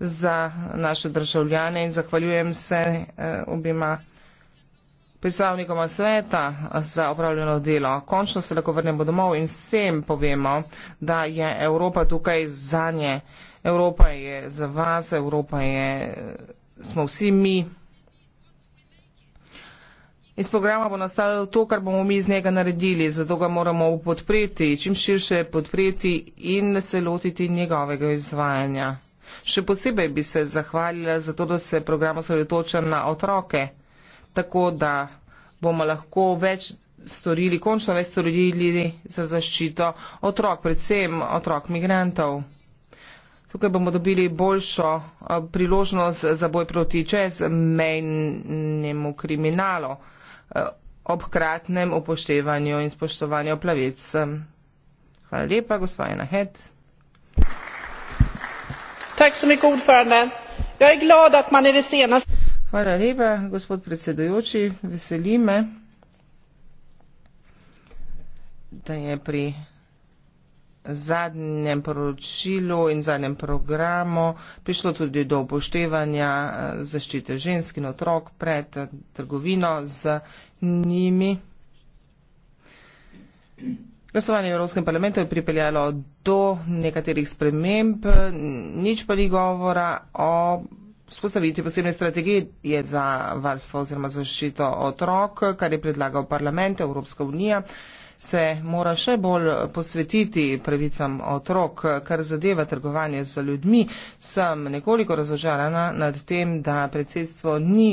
za naše državljane in zahvaljujem se eh, obima predstavnikoma sveta za opravljeno delo. Končno se lahko vrnemo domov in vsem povemo, da je Evropa tukaj za nje. Evropa je za vas, Evropa je, smo vsi mi. Iz programa bo nastalo to, kar bomo mi iz njega naredili, zato ga moramo podpreti, čim širše podpreti in se lotiti njegovega izvajanja. Še posebej bi se zahvalila za to, da se program osredotoča na otroke tako da bomo lahko več storili, končno več storili za zaščito otrok, predvsem otrok migrantov. Tukaj bomo dobili boljšo eh, priložnost za boj proti čezmejnemu kriminalu eh, ob kratnem upoštevanju in spoštovanju plavec. Hvala lepa, gospod Enahed. Tak so mi god, Jaz je glad, da man je v senaste. Hvala lepa, gospod predsedujoči. Veseli me, da je pri zadnjem poročilu in zadnjem programu prišlo tudi do upoštevanja eh, zaščite žensk in otrok pred eh, trgovino z njimi. Glasovanje v Evropskem parlamentu je pripeljalo do nekaterih sprememb, nič pa ni govora o Spostaviti posebne strategije je za varstvo oziroma zaščito otrok, kar je predlagal parlament Evropska unija se mora še bolj posvetiti pravicam otrok, kar zadeva trgovanje z ljudmi. Sem nekoliko razožarana nad tem, da predsedstvo ni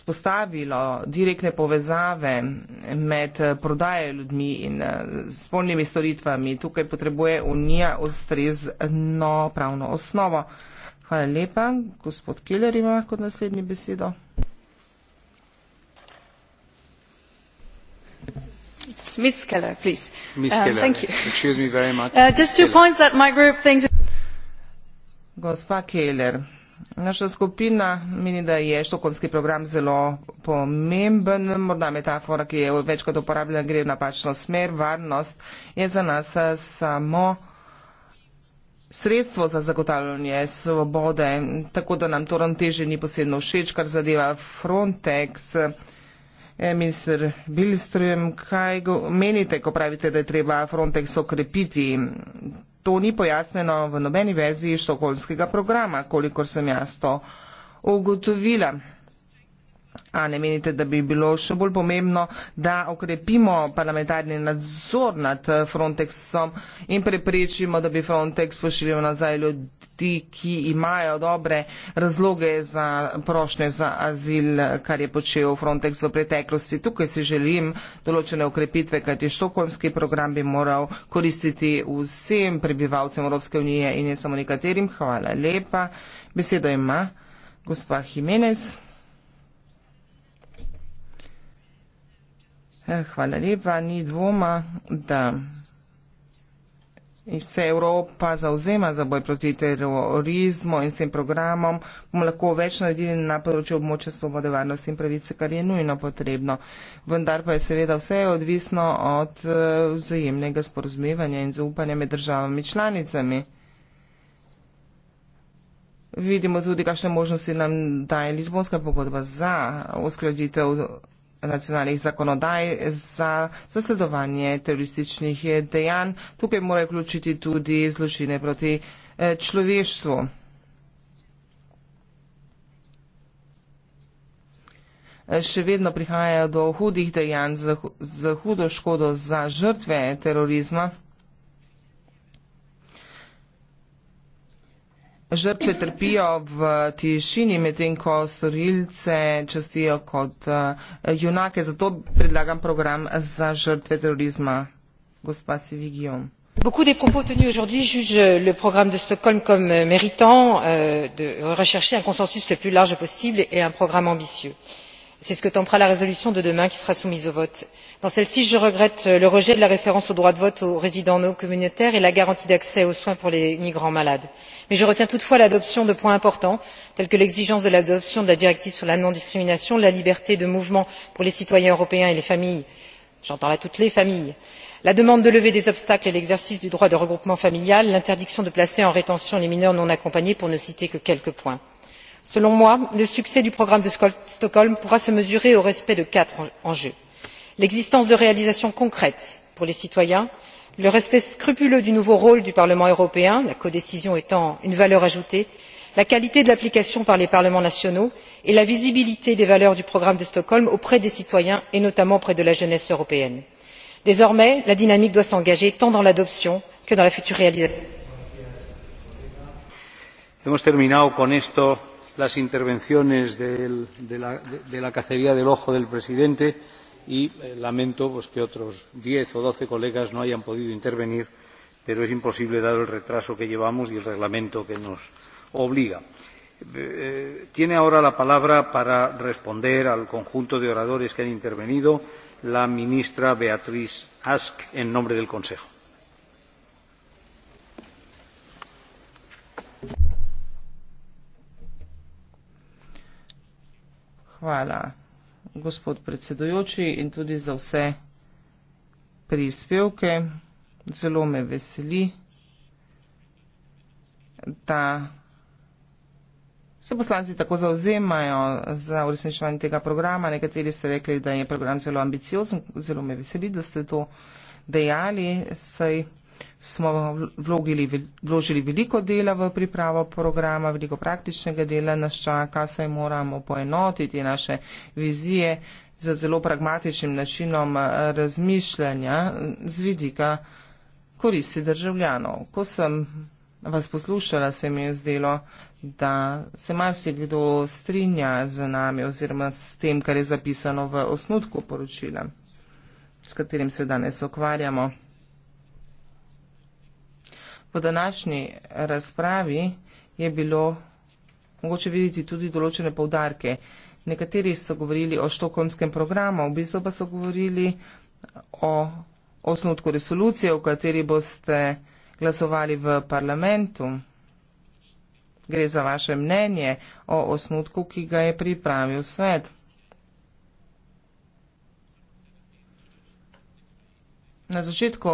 spostavilo direktne povezave med prodajo ljudmi in eh, spolnimi storitvami. Tukaj potrebuje Unija ustrezno pravno osnovo. Hvala lepa. Gospod Keller ima kot naslednji besedo. Ms. Keller, prosim. Uh, uh, Gospa Keller, naša skupina meni, da je štokonski program zelo pomemben. Morda metafora, ki je večkrat uporabljena, gre v napačno smer. Varnost je za nas eh, samo sredstvo za zagotavljanje svobode, tako da nam to ranteže ni posebno všeč, kar zadeva Frontex. E, eh, minister Bilström, kaj go, menite, ko pravite, da je treba Frontex okrepiti? To ni pojasneno v nobeni verziji štokolskega programa, kolikor sem jaz to ugotovila. A ne menite, da bi bilo še bolj pomembno, da okrepimo parlamentarni nadzor nad eh, Frontexom in preprečimo, da bi Frontex pošiljal nazaj ljudi, ki imajo dobre razloge za prošnje za azil, kar je počel Frontex v preteklosti. Tukaj si želim določene okrepitve, kajti štokholmski program bi moral koristiti vsem prebivalcem Evropske unije in ne samo nekaterim. Hvala lepa. Besedo ima gospa Jimenez. Eh, hvala lepa. Ni dvoma, da se Evropa zauzema za boj proti terorizmu in s tem programom bomo lahko več naredili na področju območja svobode, varnosti in pravice, kar je nujno potrebno. Vendar pa je seveda vse odvisno od eh, vzajemnega sporozumevanja in zaupanja med državami članicami. Vidimo tudi, kakšne možnosti nam daje Lizbonska pogodba za uskladitev nacionalnih zakonodaj za zasledovanje terorističnih dejanj. Tukaj mora vključiti tudi zločine proti eh, človeštvu. Eh, še vedno prihajajo do hudih dejanj z hudo škodo za žrtve terorizma. Žrtve trpijo v tišini, medtem ko storilce častijo kot uh, junake. Zato predlagam program za žrtve terorizma. Gospa Sivigion. Beaucoup des propos tenus aujourd'hui jugent le programme de Stockholm comme euh, méritant euh, de rechercher un consensus le plus large possible et un programme ambitieux. Euh, c'est ce que tentera la résolution de demain qui sera soumise au vote. dans celle ci je regrette euh, le rejet de la référence au droit de vote aux résidents non communautaires et la garantie d'accès aux soins pour les migrants malades mais je retiens toutefois l'adoption de points importants tels que l'exigence de l'adoption de la directive sur la non discrimination la liberté de mouvement pour les citoyens européens et les familles j'entends là toutes les familles la demande de levée des obstacles à l'exercice du droit de regroupement familial l'interdiction de placer en rétention les mineurs non accompagnés pour ne citer que quelques points selon moi le succès du programme de stockholm pourra se mesurer au respect de quatre enjeux l'existence de réalisations concrètes pour les citoyens le respect scrupuleux du nouveau rôle du parlement européen la codécision étant une valeur ajoutée la qualité de l'application par les parlements nationaux et la visibilité des valeurs du programme de stockholm auprès des citoyens et notamment auprès de la jeunesse européenne. désormais la dynamique doit s'engager tant dans l'adoption que dans la future réalisation las intervenciones de la cacería del ojo del presidente y eh, lamento que otros diez o doce colegas no hayan podido intervenir pero es imposible dado el retraso que llevamos y el reglamento que nos obliga. Eh, eh, tiene ahora la palabra para responder al conjunto de oradores que han intervenido la ministra beatrice ask en nombre del consejo. Hvala, gospod predsedujoči in tudi za vse prispevke. Zelo me veseli, da se poslanci tako zauzemajo za uresničevanje tega programa. Nekateri ste rekli, da je program zelo ambiciozen. Zelo me veseli, da ste to dejali. Saj smo vložili, vložili veliko dela v pripravo programa, veliko praktičnega dela nas čaka, saj moramo poenotiti naše vizije z zelo pragmatičnim načinom eh, razmišljanja eh, z vidika koristi državljanov. Ko sem vas poslušala, se mi je zdelo, da se marsikdo strinja z nami oziroma s tem, kar je zapisano v osnutku poročila, s katerim se danes okvarjamo. V današnji razpravi je bilo mogoče videti tudi določene povdarke. Nekateri so govorili o štokholmskem programu, v bistvu pa so govorili o osnutku resolucije, o kateri boste glasovali v parlamentu. Gre za vaše mnenje o osnutku, ki ga je pripravil svet. Na začetku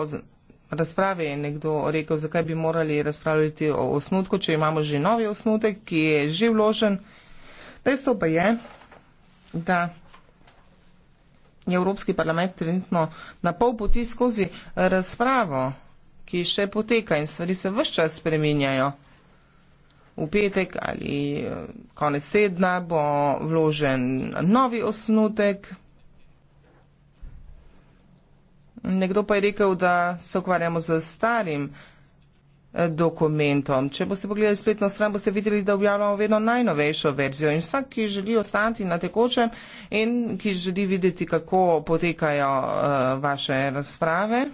razprave je nekdo rekel, zakaj bi morali razpravljati o osnutku, če imamo že novi osnutek, ki je že vložen. Dejstvo pa je, da je Evropski parlament trenutno na pol poti skozi razpravo, ki še poteka in stvari se vse čas spreminjajo. V petek ali eh, konec sedna bo vložen novi osnutek. Nekdo pa je rekel, da se ukvarjamo z starim eh, dokumentom. Če boste pogledali spletno stran, boste videli, da objavljamo vedno najnovejšo verzijo in vsak, ki želi ostati na tekočem in ki želi videti, kako potekajo uh, vaše razprave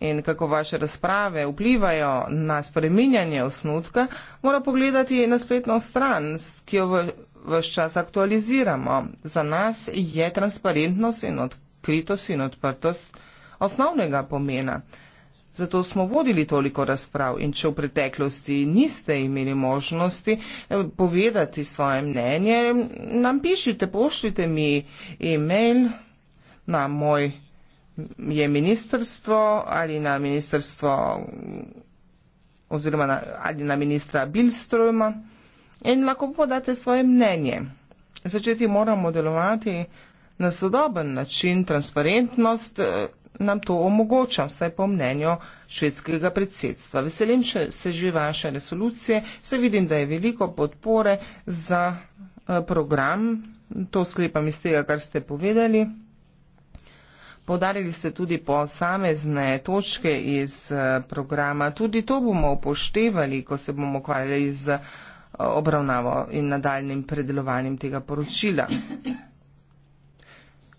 in kako vaše razprave vplivajo na spreminjanje osnutka, mora pogledati na spletno stran, ki jo v, v čas aktualiziramo. Za nas je transparentnost in odkritost odkritost in odprtost osnovnega pomena. Zato smo vodili toliko razprav in če v preteklosti niste imeli možnosti eh, povedati svoje mnenje, nam pišite, pošljite mi e-mail na moj je ministrstvo ali na ministrstvo oziroma na, ali na ministra Bilstrojma in lahko podate svoje mnenje. Začeti moramo delovati na sodoben način transparentnost eh, nam to omogoča, vsaj po mnenju švedskega predsedstva. Veselim se že vaše resolucije, se vidim, da je veliko podpore za eh, program, to sklepam iz tega, kar ste povedali. Podarili ste tudi posamezne točke iz eh, programa, tudi to bomo upoštevali, ko se bomo ukvarjali z obravnavo in nadaljnim predelovanjem tega poročila.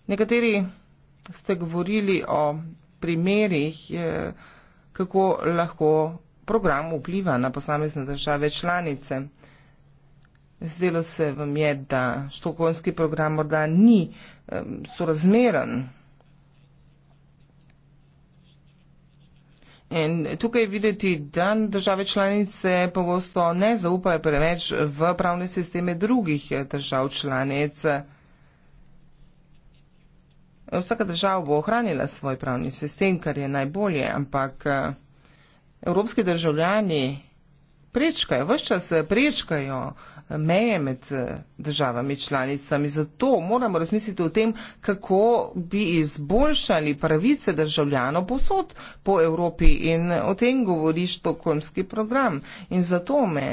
Nekateri ste govorili o primerih, eh, kako lahko program vpliva na posamezne države članice. Zdelo se vam je, da štokonski program morda ni sorazmeren. In tukaj je videti, da države članice pogosto ne zaupajo preveč v pravne sisteme drugih eh, držav članic. Vsaka država bo ohranila svoj pravni sistem, kar je najbolje, ampak eh, evropski državljani prečkajo, vse čas eh, prečkajo eh, meje med državami članicami. Zato moramo razmisliti o tem, kako bi izboljšali pravice državljanov posod po Evropi in o tem govori štokholmski program. In zato me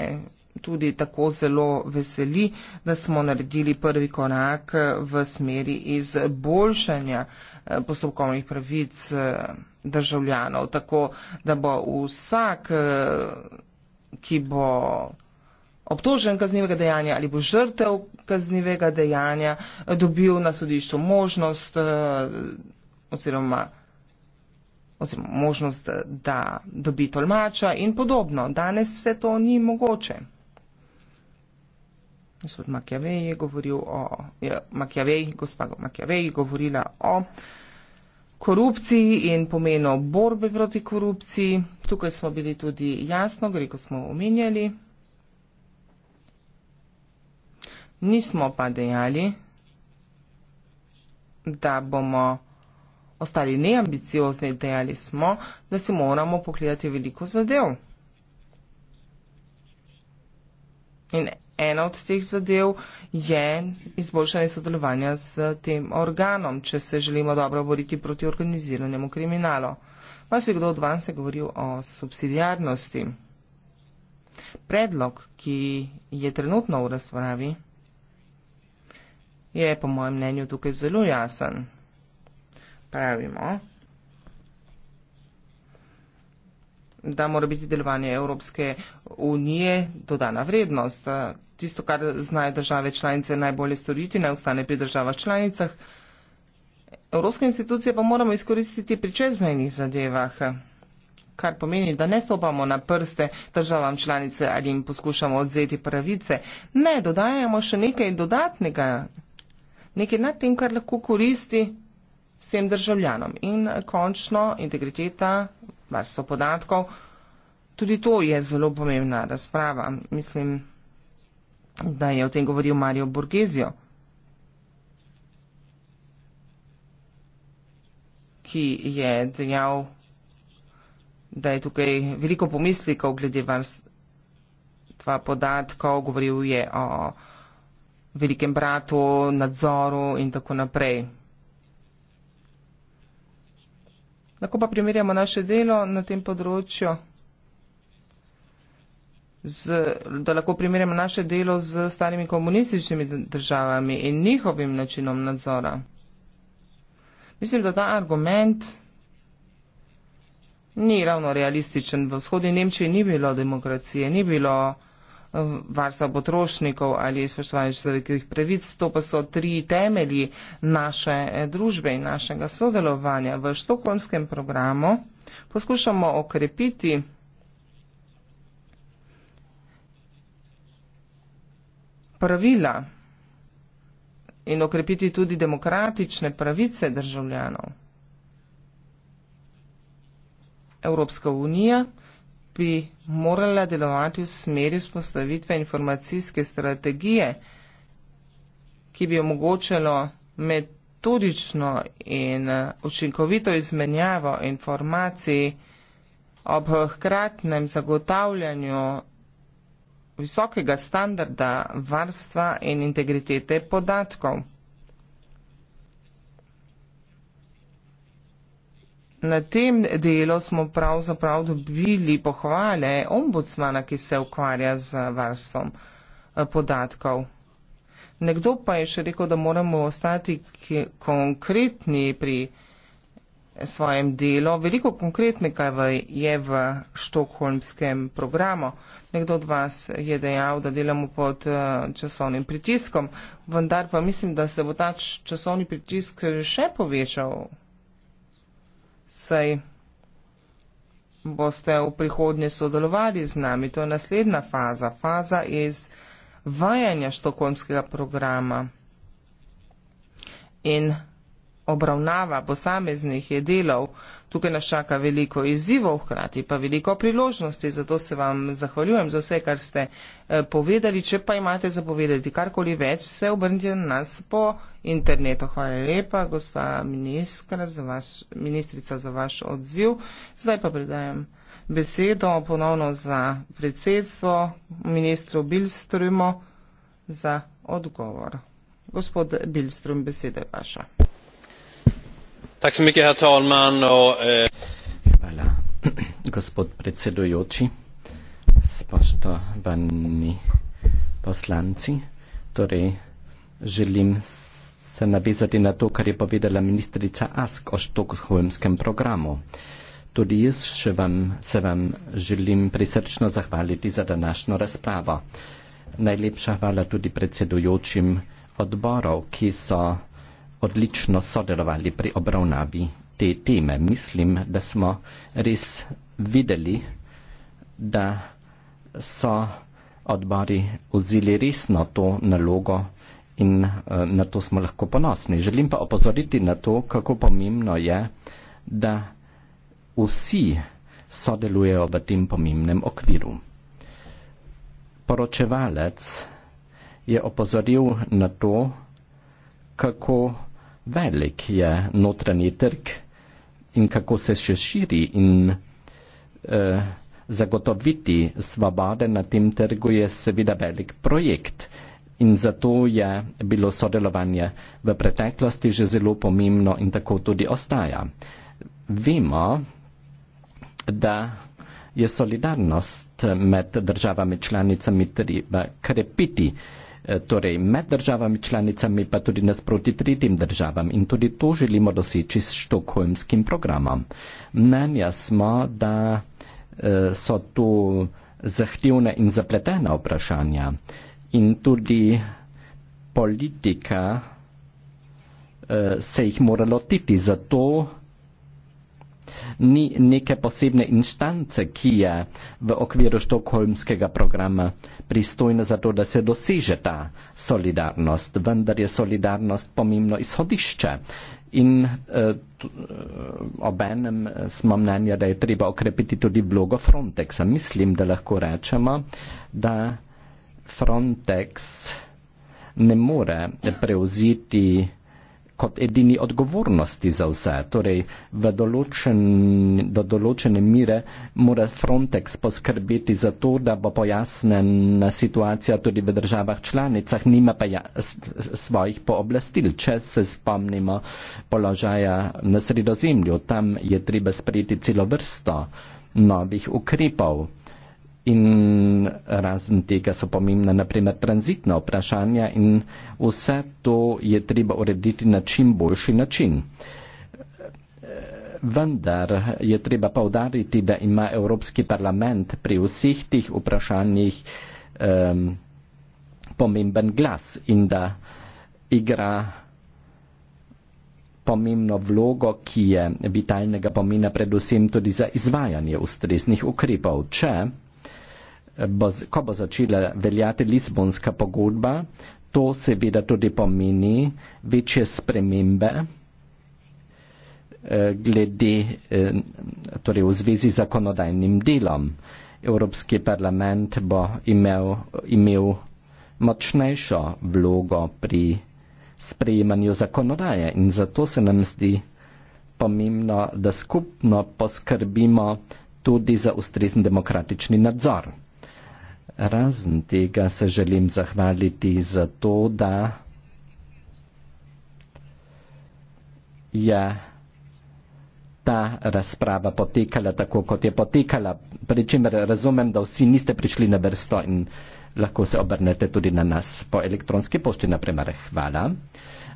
tudi tako zelo veseli, da smo naredili prvi korak v smeri izboljšanja eh, postopkovnih pravic eh, državljanov, tako da bo vsak, eh, ki bo obtožen kaznivega dejanja ali bo žrtev kaznivega dejanja, dobil na sodišču možnost oziroma oziroma možnost, da dobi tolmača in podobno. Danes vse to ni mogoče. Gospod Makjavej je govoril o, je, Makjavej, gospa Makjavej je govorila o korupciji in pomenu borbe proti korupciji. Tukaj smo bili tudi jasno, greko smo omenjali. Nismo pa dejali, da bomo ostali neambiciozni, dejali smo, da si moramo pogledati veliko zadev. In ena od teh zadev je izboljšanje sodelovanja s tem organom, če se želimo dobro boriti proti organiziranemu kriminalu. Vas je kdo od vas je govoril o subsidijarnosti. Predlog, ki je trenutno v razpravi, je po mojem mnenju tukaj zelo jasen. Pravimo, da mora biti delovanje Evropske unije dodana vrednost. Tisto, kar znajo države članice najbolje storiti, naj ostane pri državah članicah. Evropske institucije pa moramo izkoristiti pri čezmejnih zadevah, kar pomeni, da ne stopamo na prste državam članice ali jim poskušamo odzeti pravice. Ne, dodajamo še nekaj dodatnega, nekaj nad tem, kar lahko koristi vsem državljanom. In končno integriteta varstvo podatkov. Tudi to je zelo pomembna razprava. Mislim, da je o tem govoril Mario Borgesio, ki je dejal, da je tukaj veliko pomislikov glede varstva podatkov, govoril je o velikem bratu, nadzoru in tako naprej. Lahko pa primerjamo naše delo na tem področju, z, da lahko primerjamo naše delo z starimi komunističnimi državami in njihovim načinom nadzora. Mislim, da ta argument ni ravno realističen. V vzhodni Nemčiji ni bilo demokracije, ni bilo varstva potrošnikov ali spoštovanje človekovih pravic. To pa so tri temelji naše eh, družbe in našega sodelovanja. V štokholmskem programu poskušamo okrepiti pravila in okrepiti tudi demokratične pravice državljanov. Evropska unija bi morala delovati v smeri spostavitve informacijske strategije, ki bi omogočalo metodično in eh, učinkovito izmenjavo informacij ob hkratnem zagotavljanju visokega standarda varstva in integritete podatkov. na tem delu smo pravzaprav dobili pohvale ombudsmana, ki se ukvarja z varstvom eh, podatkov. Nekdo pa je še rekel, da moramo ostati konkretni pri svojem delu. Veliko konkretnega je v štokholmskem programu. Nekdo od vas je dejal, da delamo pod eh, časovnim pritiskom, vendar pa mislim, da se bo ta časovni pritisk še povečal saj boste v prihodnje sodelovali z nami. To je naslednja faza, faza iz vajanja štokholmskega programa. In obravnava posameznih je delov, tukaj nas čaka veliko izzivov, hkrati pa veliko priložnosti, zato se vam zahvaljujem za vse, kar ste eh, povedali. Če pa imate zapovedati karkoli več, se obrnite na nas po internetu. Hvala lepa, gospa za vaš, ministrica, za vaš odziv. Zdaj pa predajam besedo ponovno za predsedstvo, ministru Bilstrumu, za odgovor. Gospod Bilstrum, beseda je vaša. Tak så mycket, herr talman. Och, eh... voilà. Gospod predsedujoči, spoštovani poslanci, torej želim se navezati na to, kar je povedala ministrica Ask o štokholmskem programu. Tudi jaz še vam, se vam želim prisrčno zahvaliti za današnjo razpravo. Najlepša hvala tudi predsedujočim odborov, ki so odlično sodelovali pri obravnavi te teme. Mislim, da smo res videli, da so odbori vzeli resno to nalogo in eh, na to smo lahko ponosni. Želim pa opozoriti na to, kako pomembno je, da vsi sodelujejo v tem pomembnem okviru. Poročevalec je opozoril na to, kako velik je notranji trg in kako se še širi in eh, zagotoviti svobode na tem trgu je seveda velik projekt. In zato je bilo sodelovanje v preteklosti že zelo pomembno in tako tudi ostaja. Vemo, da je solidarnost med državami članicami treba krepiti. Eh, Eh, torej med državami članicami, pa tudi nasproti tretjim državam. In tudi to želimo doseči s štokholmskim programom. Mnenja smo, da eh, so tu zahtevna in zapletena vprašanja in tudi politika eh, se jih mora lotiti za to, ni neke posebne instance, ki je v okviru štokholmskega programa pristojna za to, da se doseže ta solidarnost, vendar je solidarnost pomembno izhodišče. In uh, obenem eh, smo mnenja, da je treba okrepiti tudi vlogo Frontexa. Mislim, da lahko rečemo, da Frontex ne more prevziti uh, kot edini odgovornosti za vse. Torej, določen, do določene mire mora Frontex poskrbeti za to, da bo pojasnena situacija tudi v državah članicah, nima pa jas, svojih pooblastil. Če se spomnimo položaja na sredozemlju, tam je treba sprejeti celo vrsto novih ukrepov in razen tega so pomembna naprimer tranzitna vprašanja in vse to je treba urediti na čim boljši način. Vendar je treba povdariti, da ima Evropski parlament pri vseh tih vprašanjih um, pomemben glas in da igra pomembno vlogo, ki je vitalnega pomena predvsem tudi za izvajanje ustreznih ukrepov. Če boz, ko bo začela veljati Lizbonska pogodba, to seveda tudi pomeni večje spremembe eh, glede, eh, torej v zvezi z zakonodajnim delom. Evropski parlament bo imel, imel močnejšo vlogo pri sprejemanju zakonodaje in zato se nam zdi pomembno, da skupno poskrbimo tudi za ustrezen demokratični nadzor. Razen tega se želim zahvaliti za to, da je ta razprava potekala tako, kot je potekala, pri čemer razumem, da vsi niste prišli na vrsto in lahko se obrnete tudi na nas po elektronski pošti, naprimer. Hvala.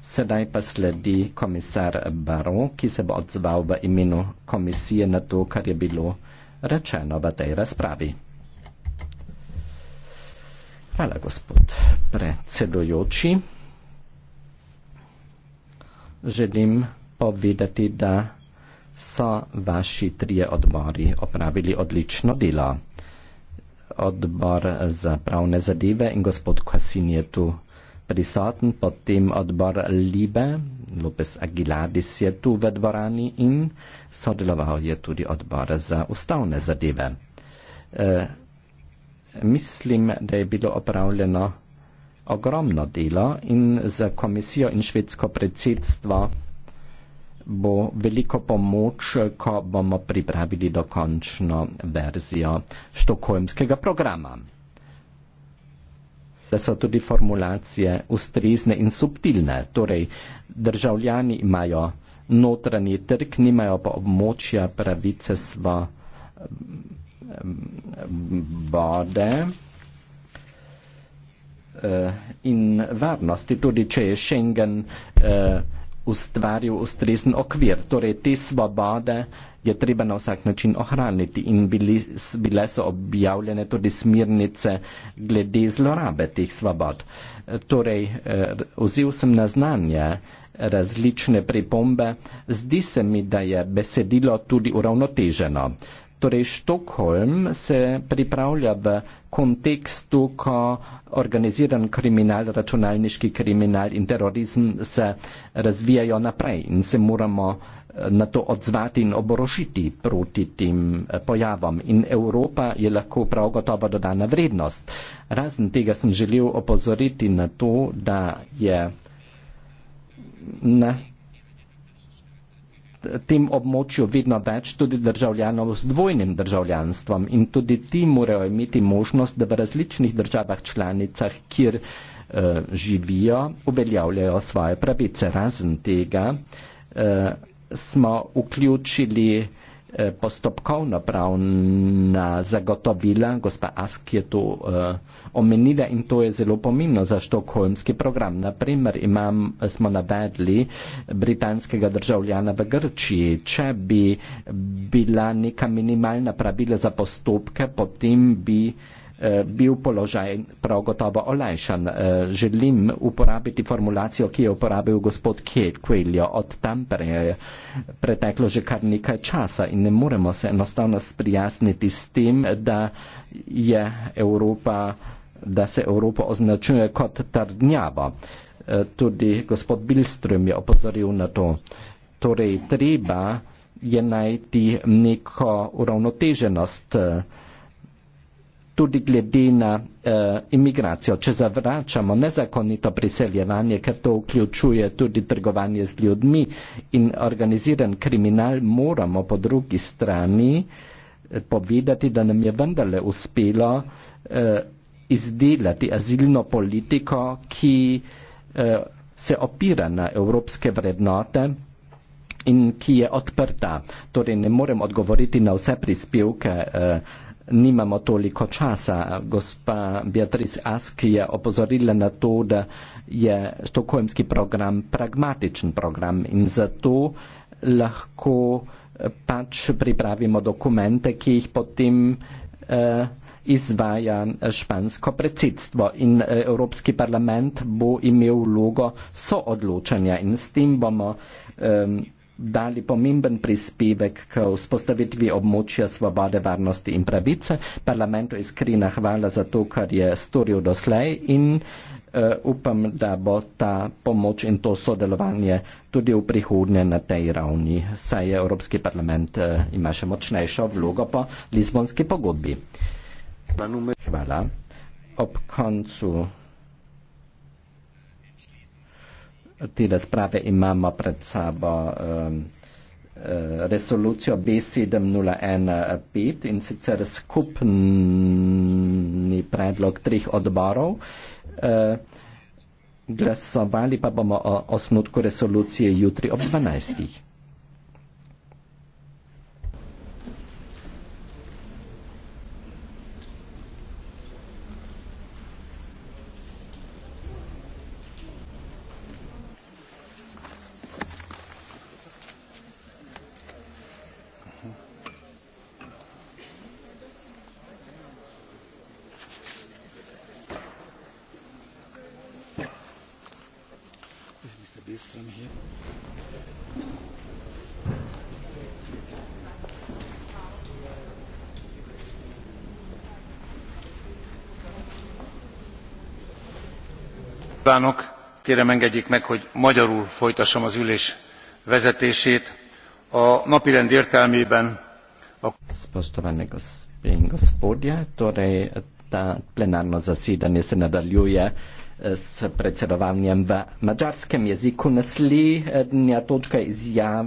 Sedaj pa sledi komisar Baro, ki se bo odzval v imenu komisije na to, kar je bilo rečeno v tej razpravi. Hvala, gospod predsedojoči. Želim povedati, da so vaši trije odbori opravili odlično delo. Odbor za pravne zadeve in gospod Kasin je tu prisoten, potem odbor Libe, Lopes Aguiladis je tu v dvorani in sodeloval je tudi odbor za ustavne zadeve. E, mislim, da je bilo opravljeno ogromno dela in za komisijo in švedsko predsedstvo bo veliko pomoč, ko bomo pripravili dokončno verzijo štokholmskega programa. Da so tudi formulacije ustrezne in subtilne, torej državljani imajo notranji trg, nimajo pa območja pravice svo bade eh, in varnosti, tudi če je Schengen eh, ustvaril ustrezen okvir. Torej, te svobode je treba na vsak način ohraniti in bili, bile so objavljene tudi smirnice glede zlorabe teh svobod. Eh, torej, vzel sem na znanje različne pripombe. Zdi se mi, da je besedilo tudi uravnoteženo. Torej, Štokholm se pripravlja v kontekstu, ko organiziran kriminal, računalniški kriminal in terorizem se razvijajo naprej in se moramo eh, na to odzvati in oborožiti proti tem eh, pojavom. In Evropa je lahko prav gotovo dodana vrednost. Razen tega sem želel opozoriti na to, da je na tem območju vedno več tudi državljanov z dvojnim državljanstvom in tudi ti morajo imeti možnost, da v različnih državah članicah, kjer uh, živijo, uveljavljajo svoje pravice. Razen tega uh, smo vključili uh, Eh, postopkovno pravna zagotovila, gospa Ask je to uh, omenila in to je zelo pomembno za štokholmski program. Naprimer, imam, smo navedli britanskega državljana v Grčiji. Če bi bila neka minimalna pravila za postopke, potem bi uh, Eh, bil položaj prav gotovo olajšan. Eh, želim uporabiti formulacijo, ki je uporabil gospod Kejljo od tampere. Preteklo že kar nekaj časa in ne moremo se enostavno sprijazniti s tem, da je Evropa da se Evropo označuje kot trdnjavo. Eh, tudi gospod Bilström je opozoril na to. Torej, treba je najti neko uravnoteženost tudi glede na uh, imigracijo. Če zavračamo nezakonito priseljevanje, ker to vključuje tudi trgovanje z ljudmi in organiziran kriminal, moramo po drugi strani eh, povedati, da nam je vendarle uspelo uh, izdelati azilno politiko, ki uh, se opira na evropske vrednote in ki je odprta. Torej ne morem odgovoriti na vse prispevke. Uh, nimamo toliko časa. Gospa Beatrice Ask je opozorila na to, da je stokojmski program pragmatičen program in zato lahko eh, pač pripravimo dokumente, ki jih potem eh, izvaja eh, špansko predsedstvo in eh, Evropski parlament bo imel vlogo soodločanja in s tem bomo eh, dali pomemben prispevek k vzpostavitvi območja svobode, varnosti in pravice. Parlamentu iskrena hvala za to, kar je storil doslej in uh, upam, da bo ta pomoč in to sodelovanje tudi v prihodnje na tej ravni, saj Evropski parlament uh, ima še močnejšo vlogo po lizbonski pogodbi. Hvala. Ob koncu. te razprave imamo pred sabo um, uh, resolucijo B7015 in sicer skupni predlog treh odborov. Uh, glasovali pa bomo o osnutku resolucije jutri ob 12. kvánok kérem engedjék meg hogy magyarul folytassam az ülés vezetését a napirend értelmében a spoštovani gospe in gospodje torej ta plenarno zasedanje se nadaljuje eh, s predsedovanjem v madžarskem jeziku nasli točka izjav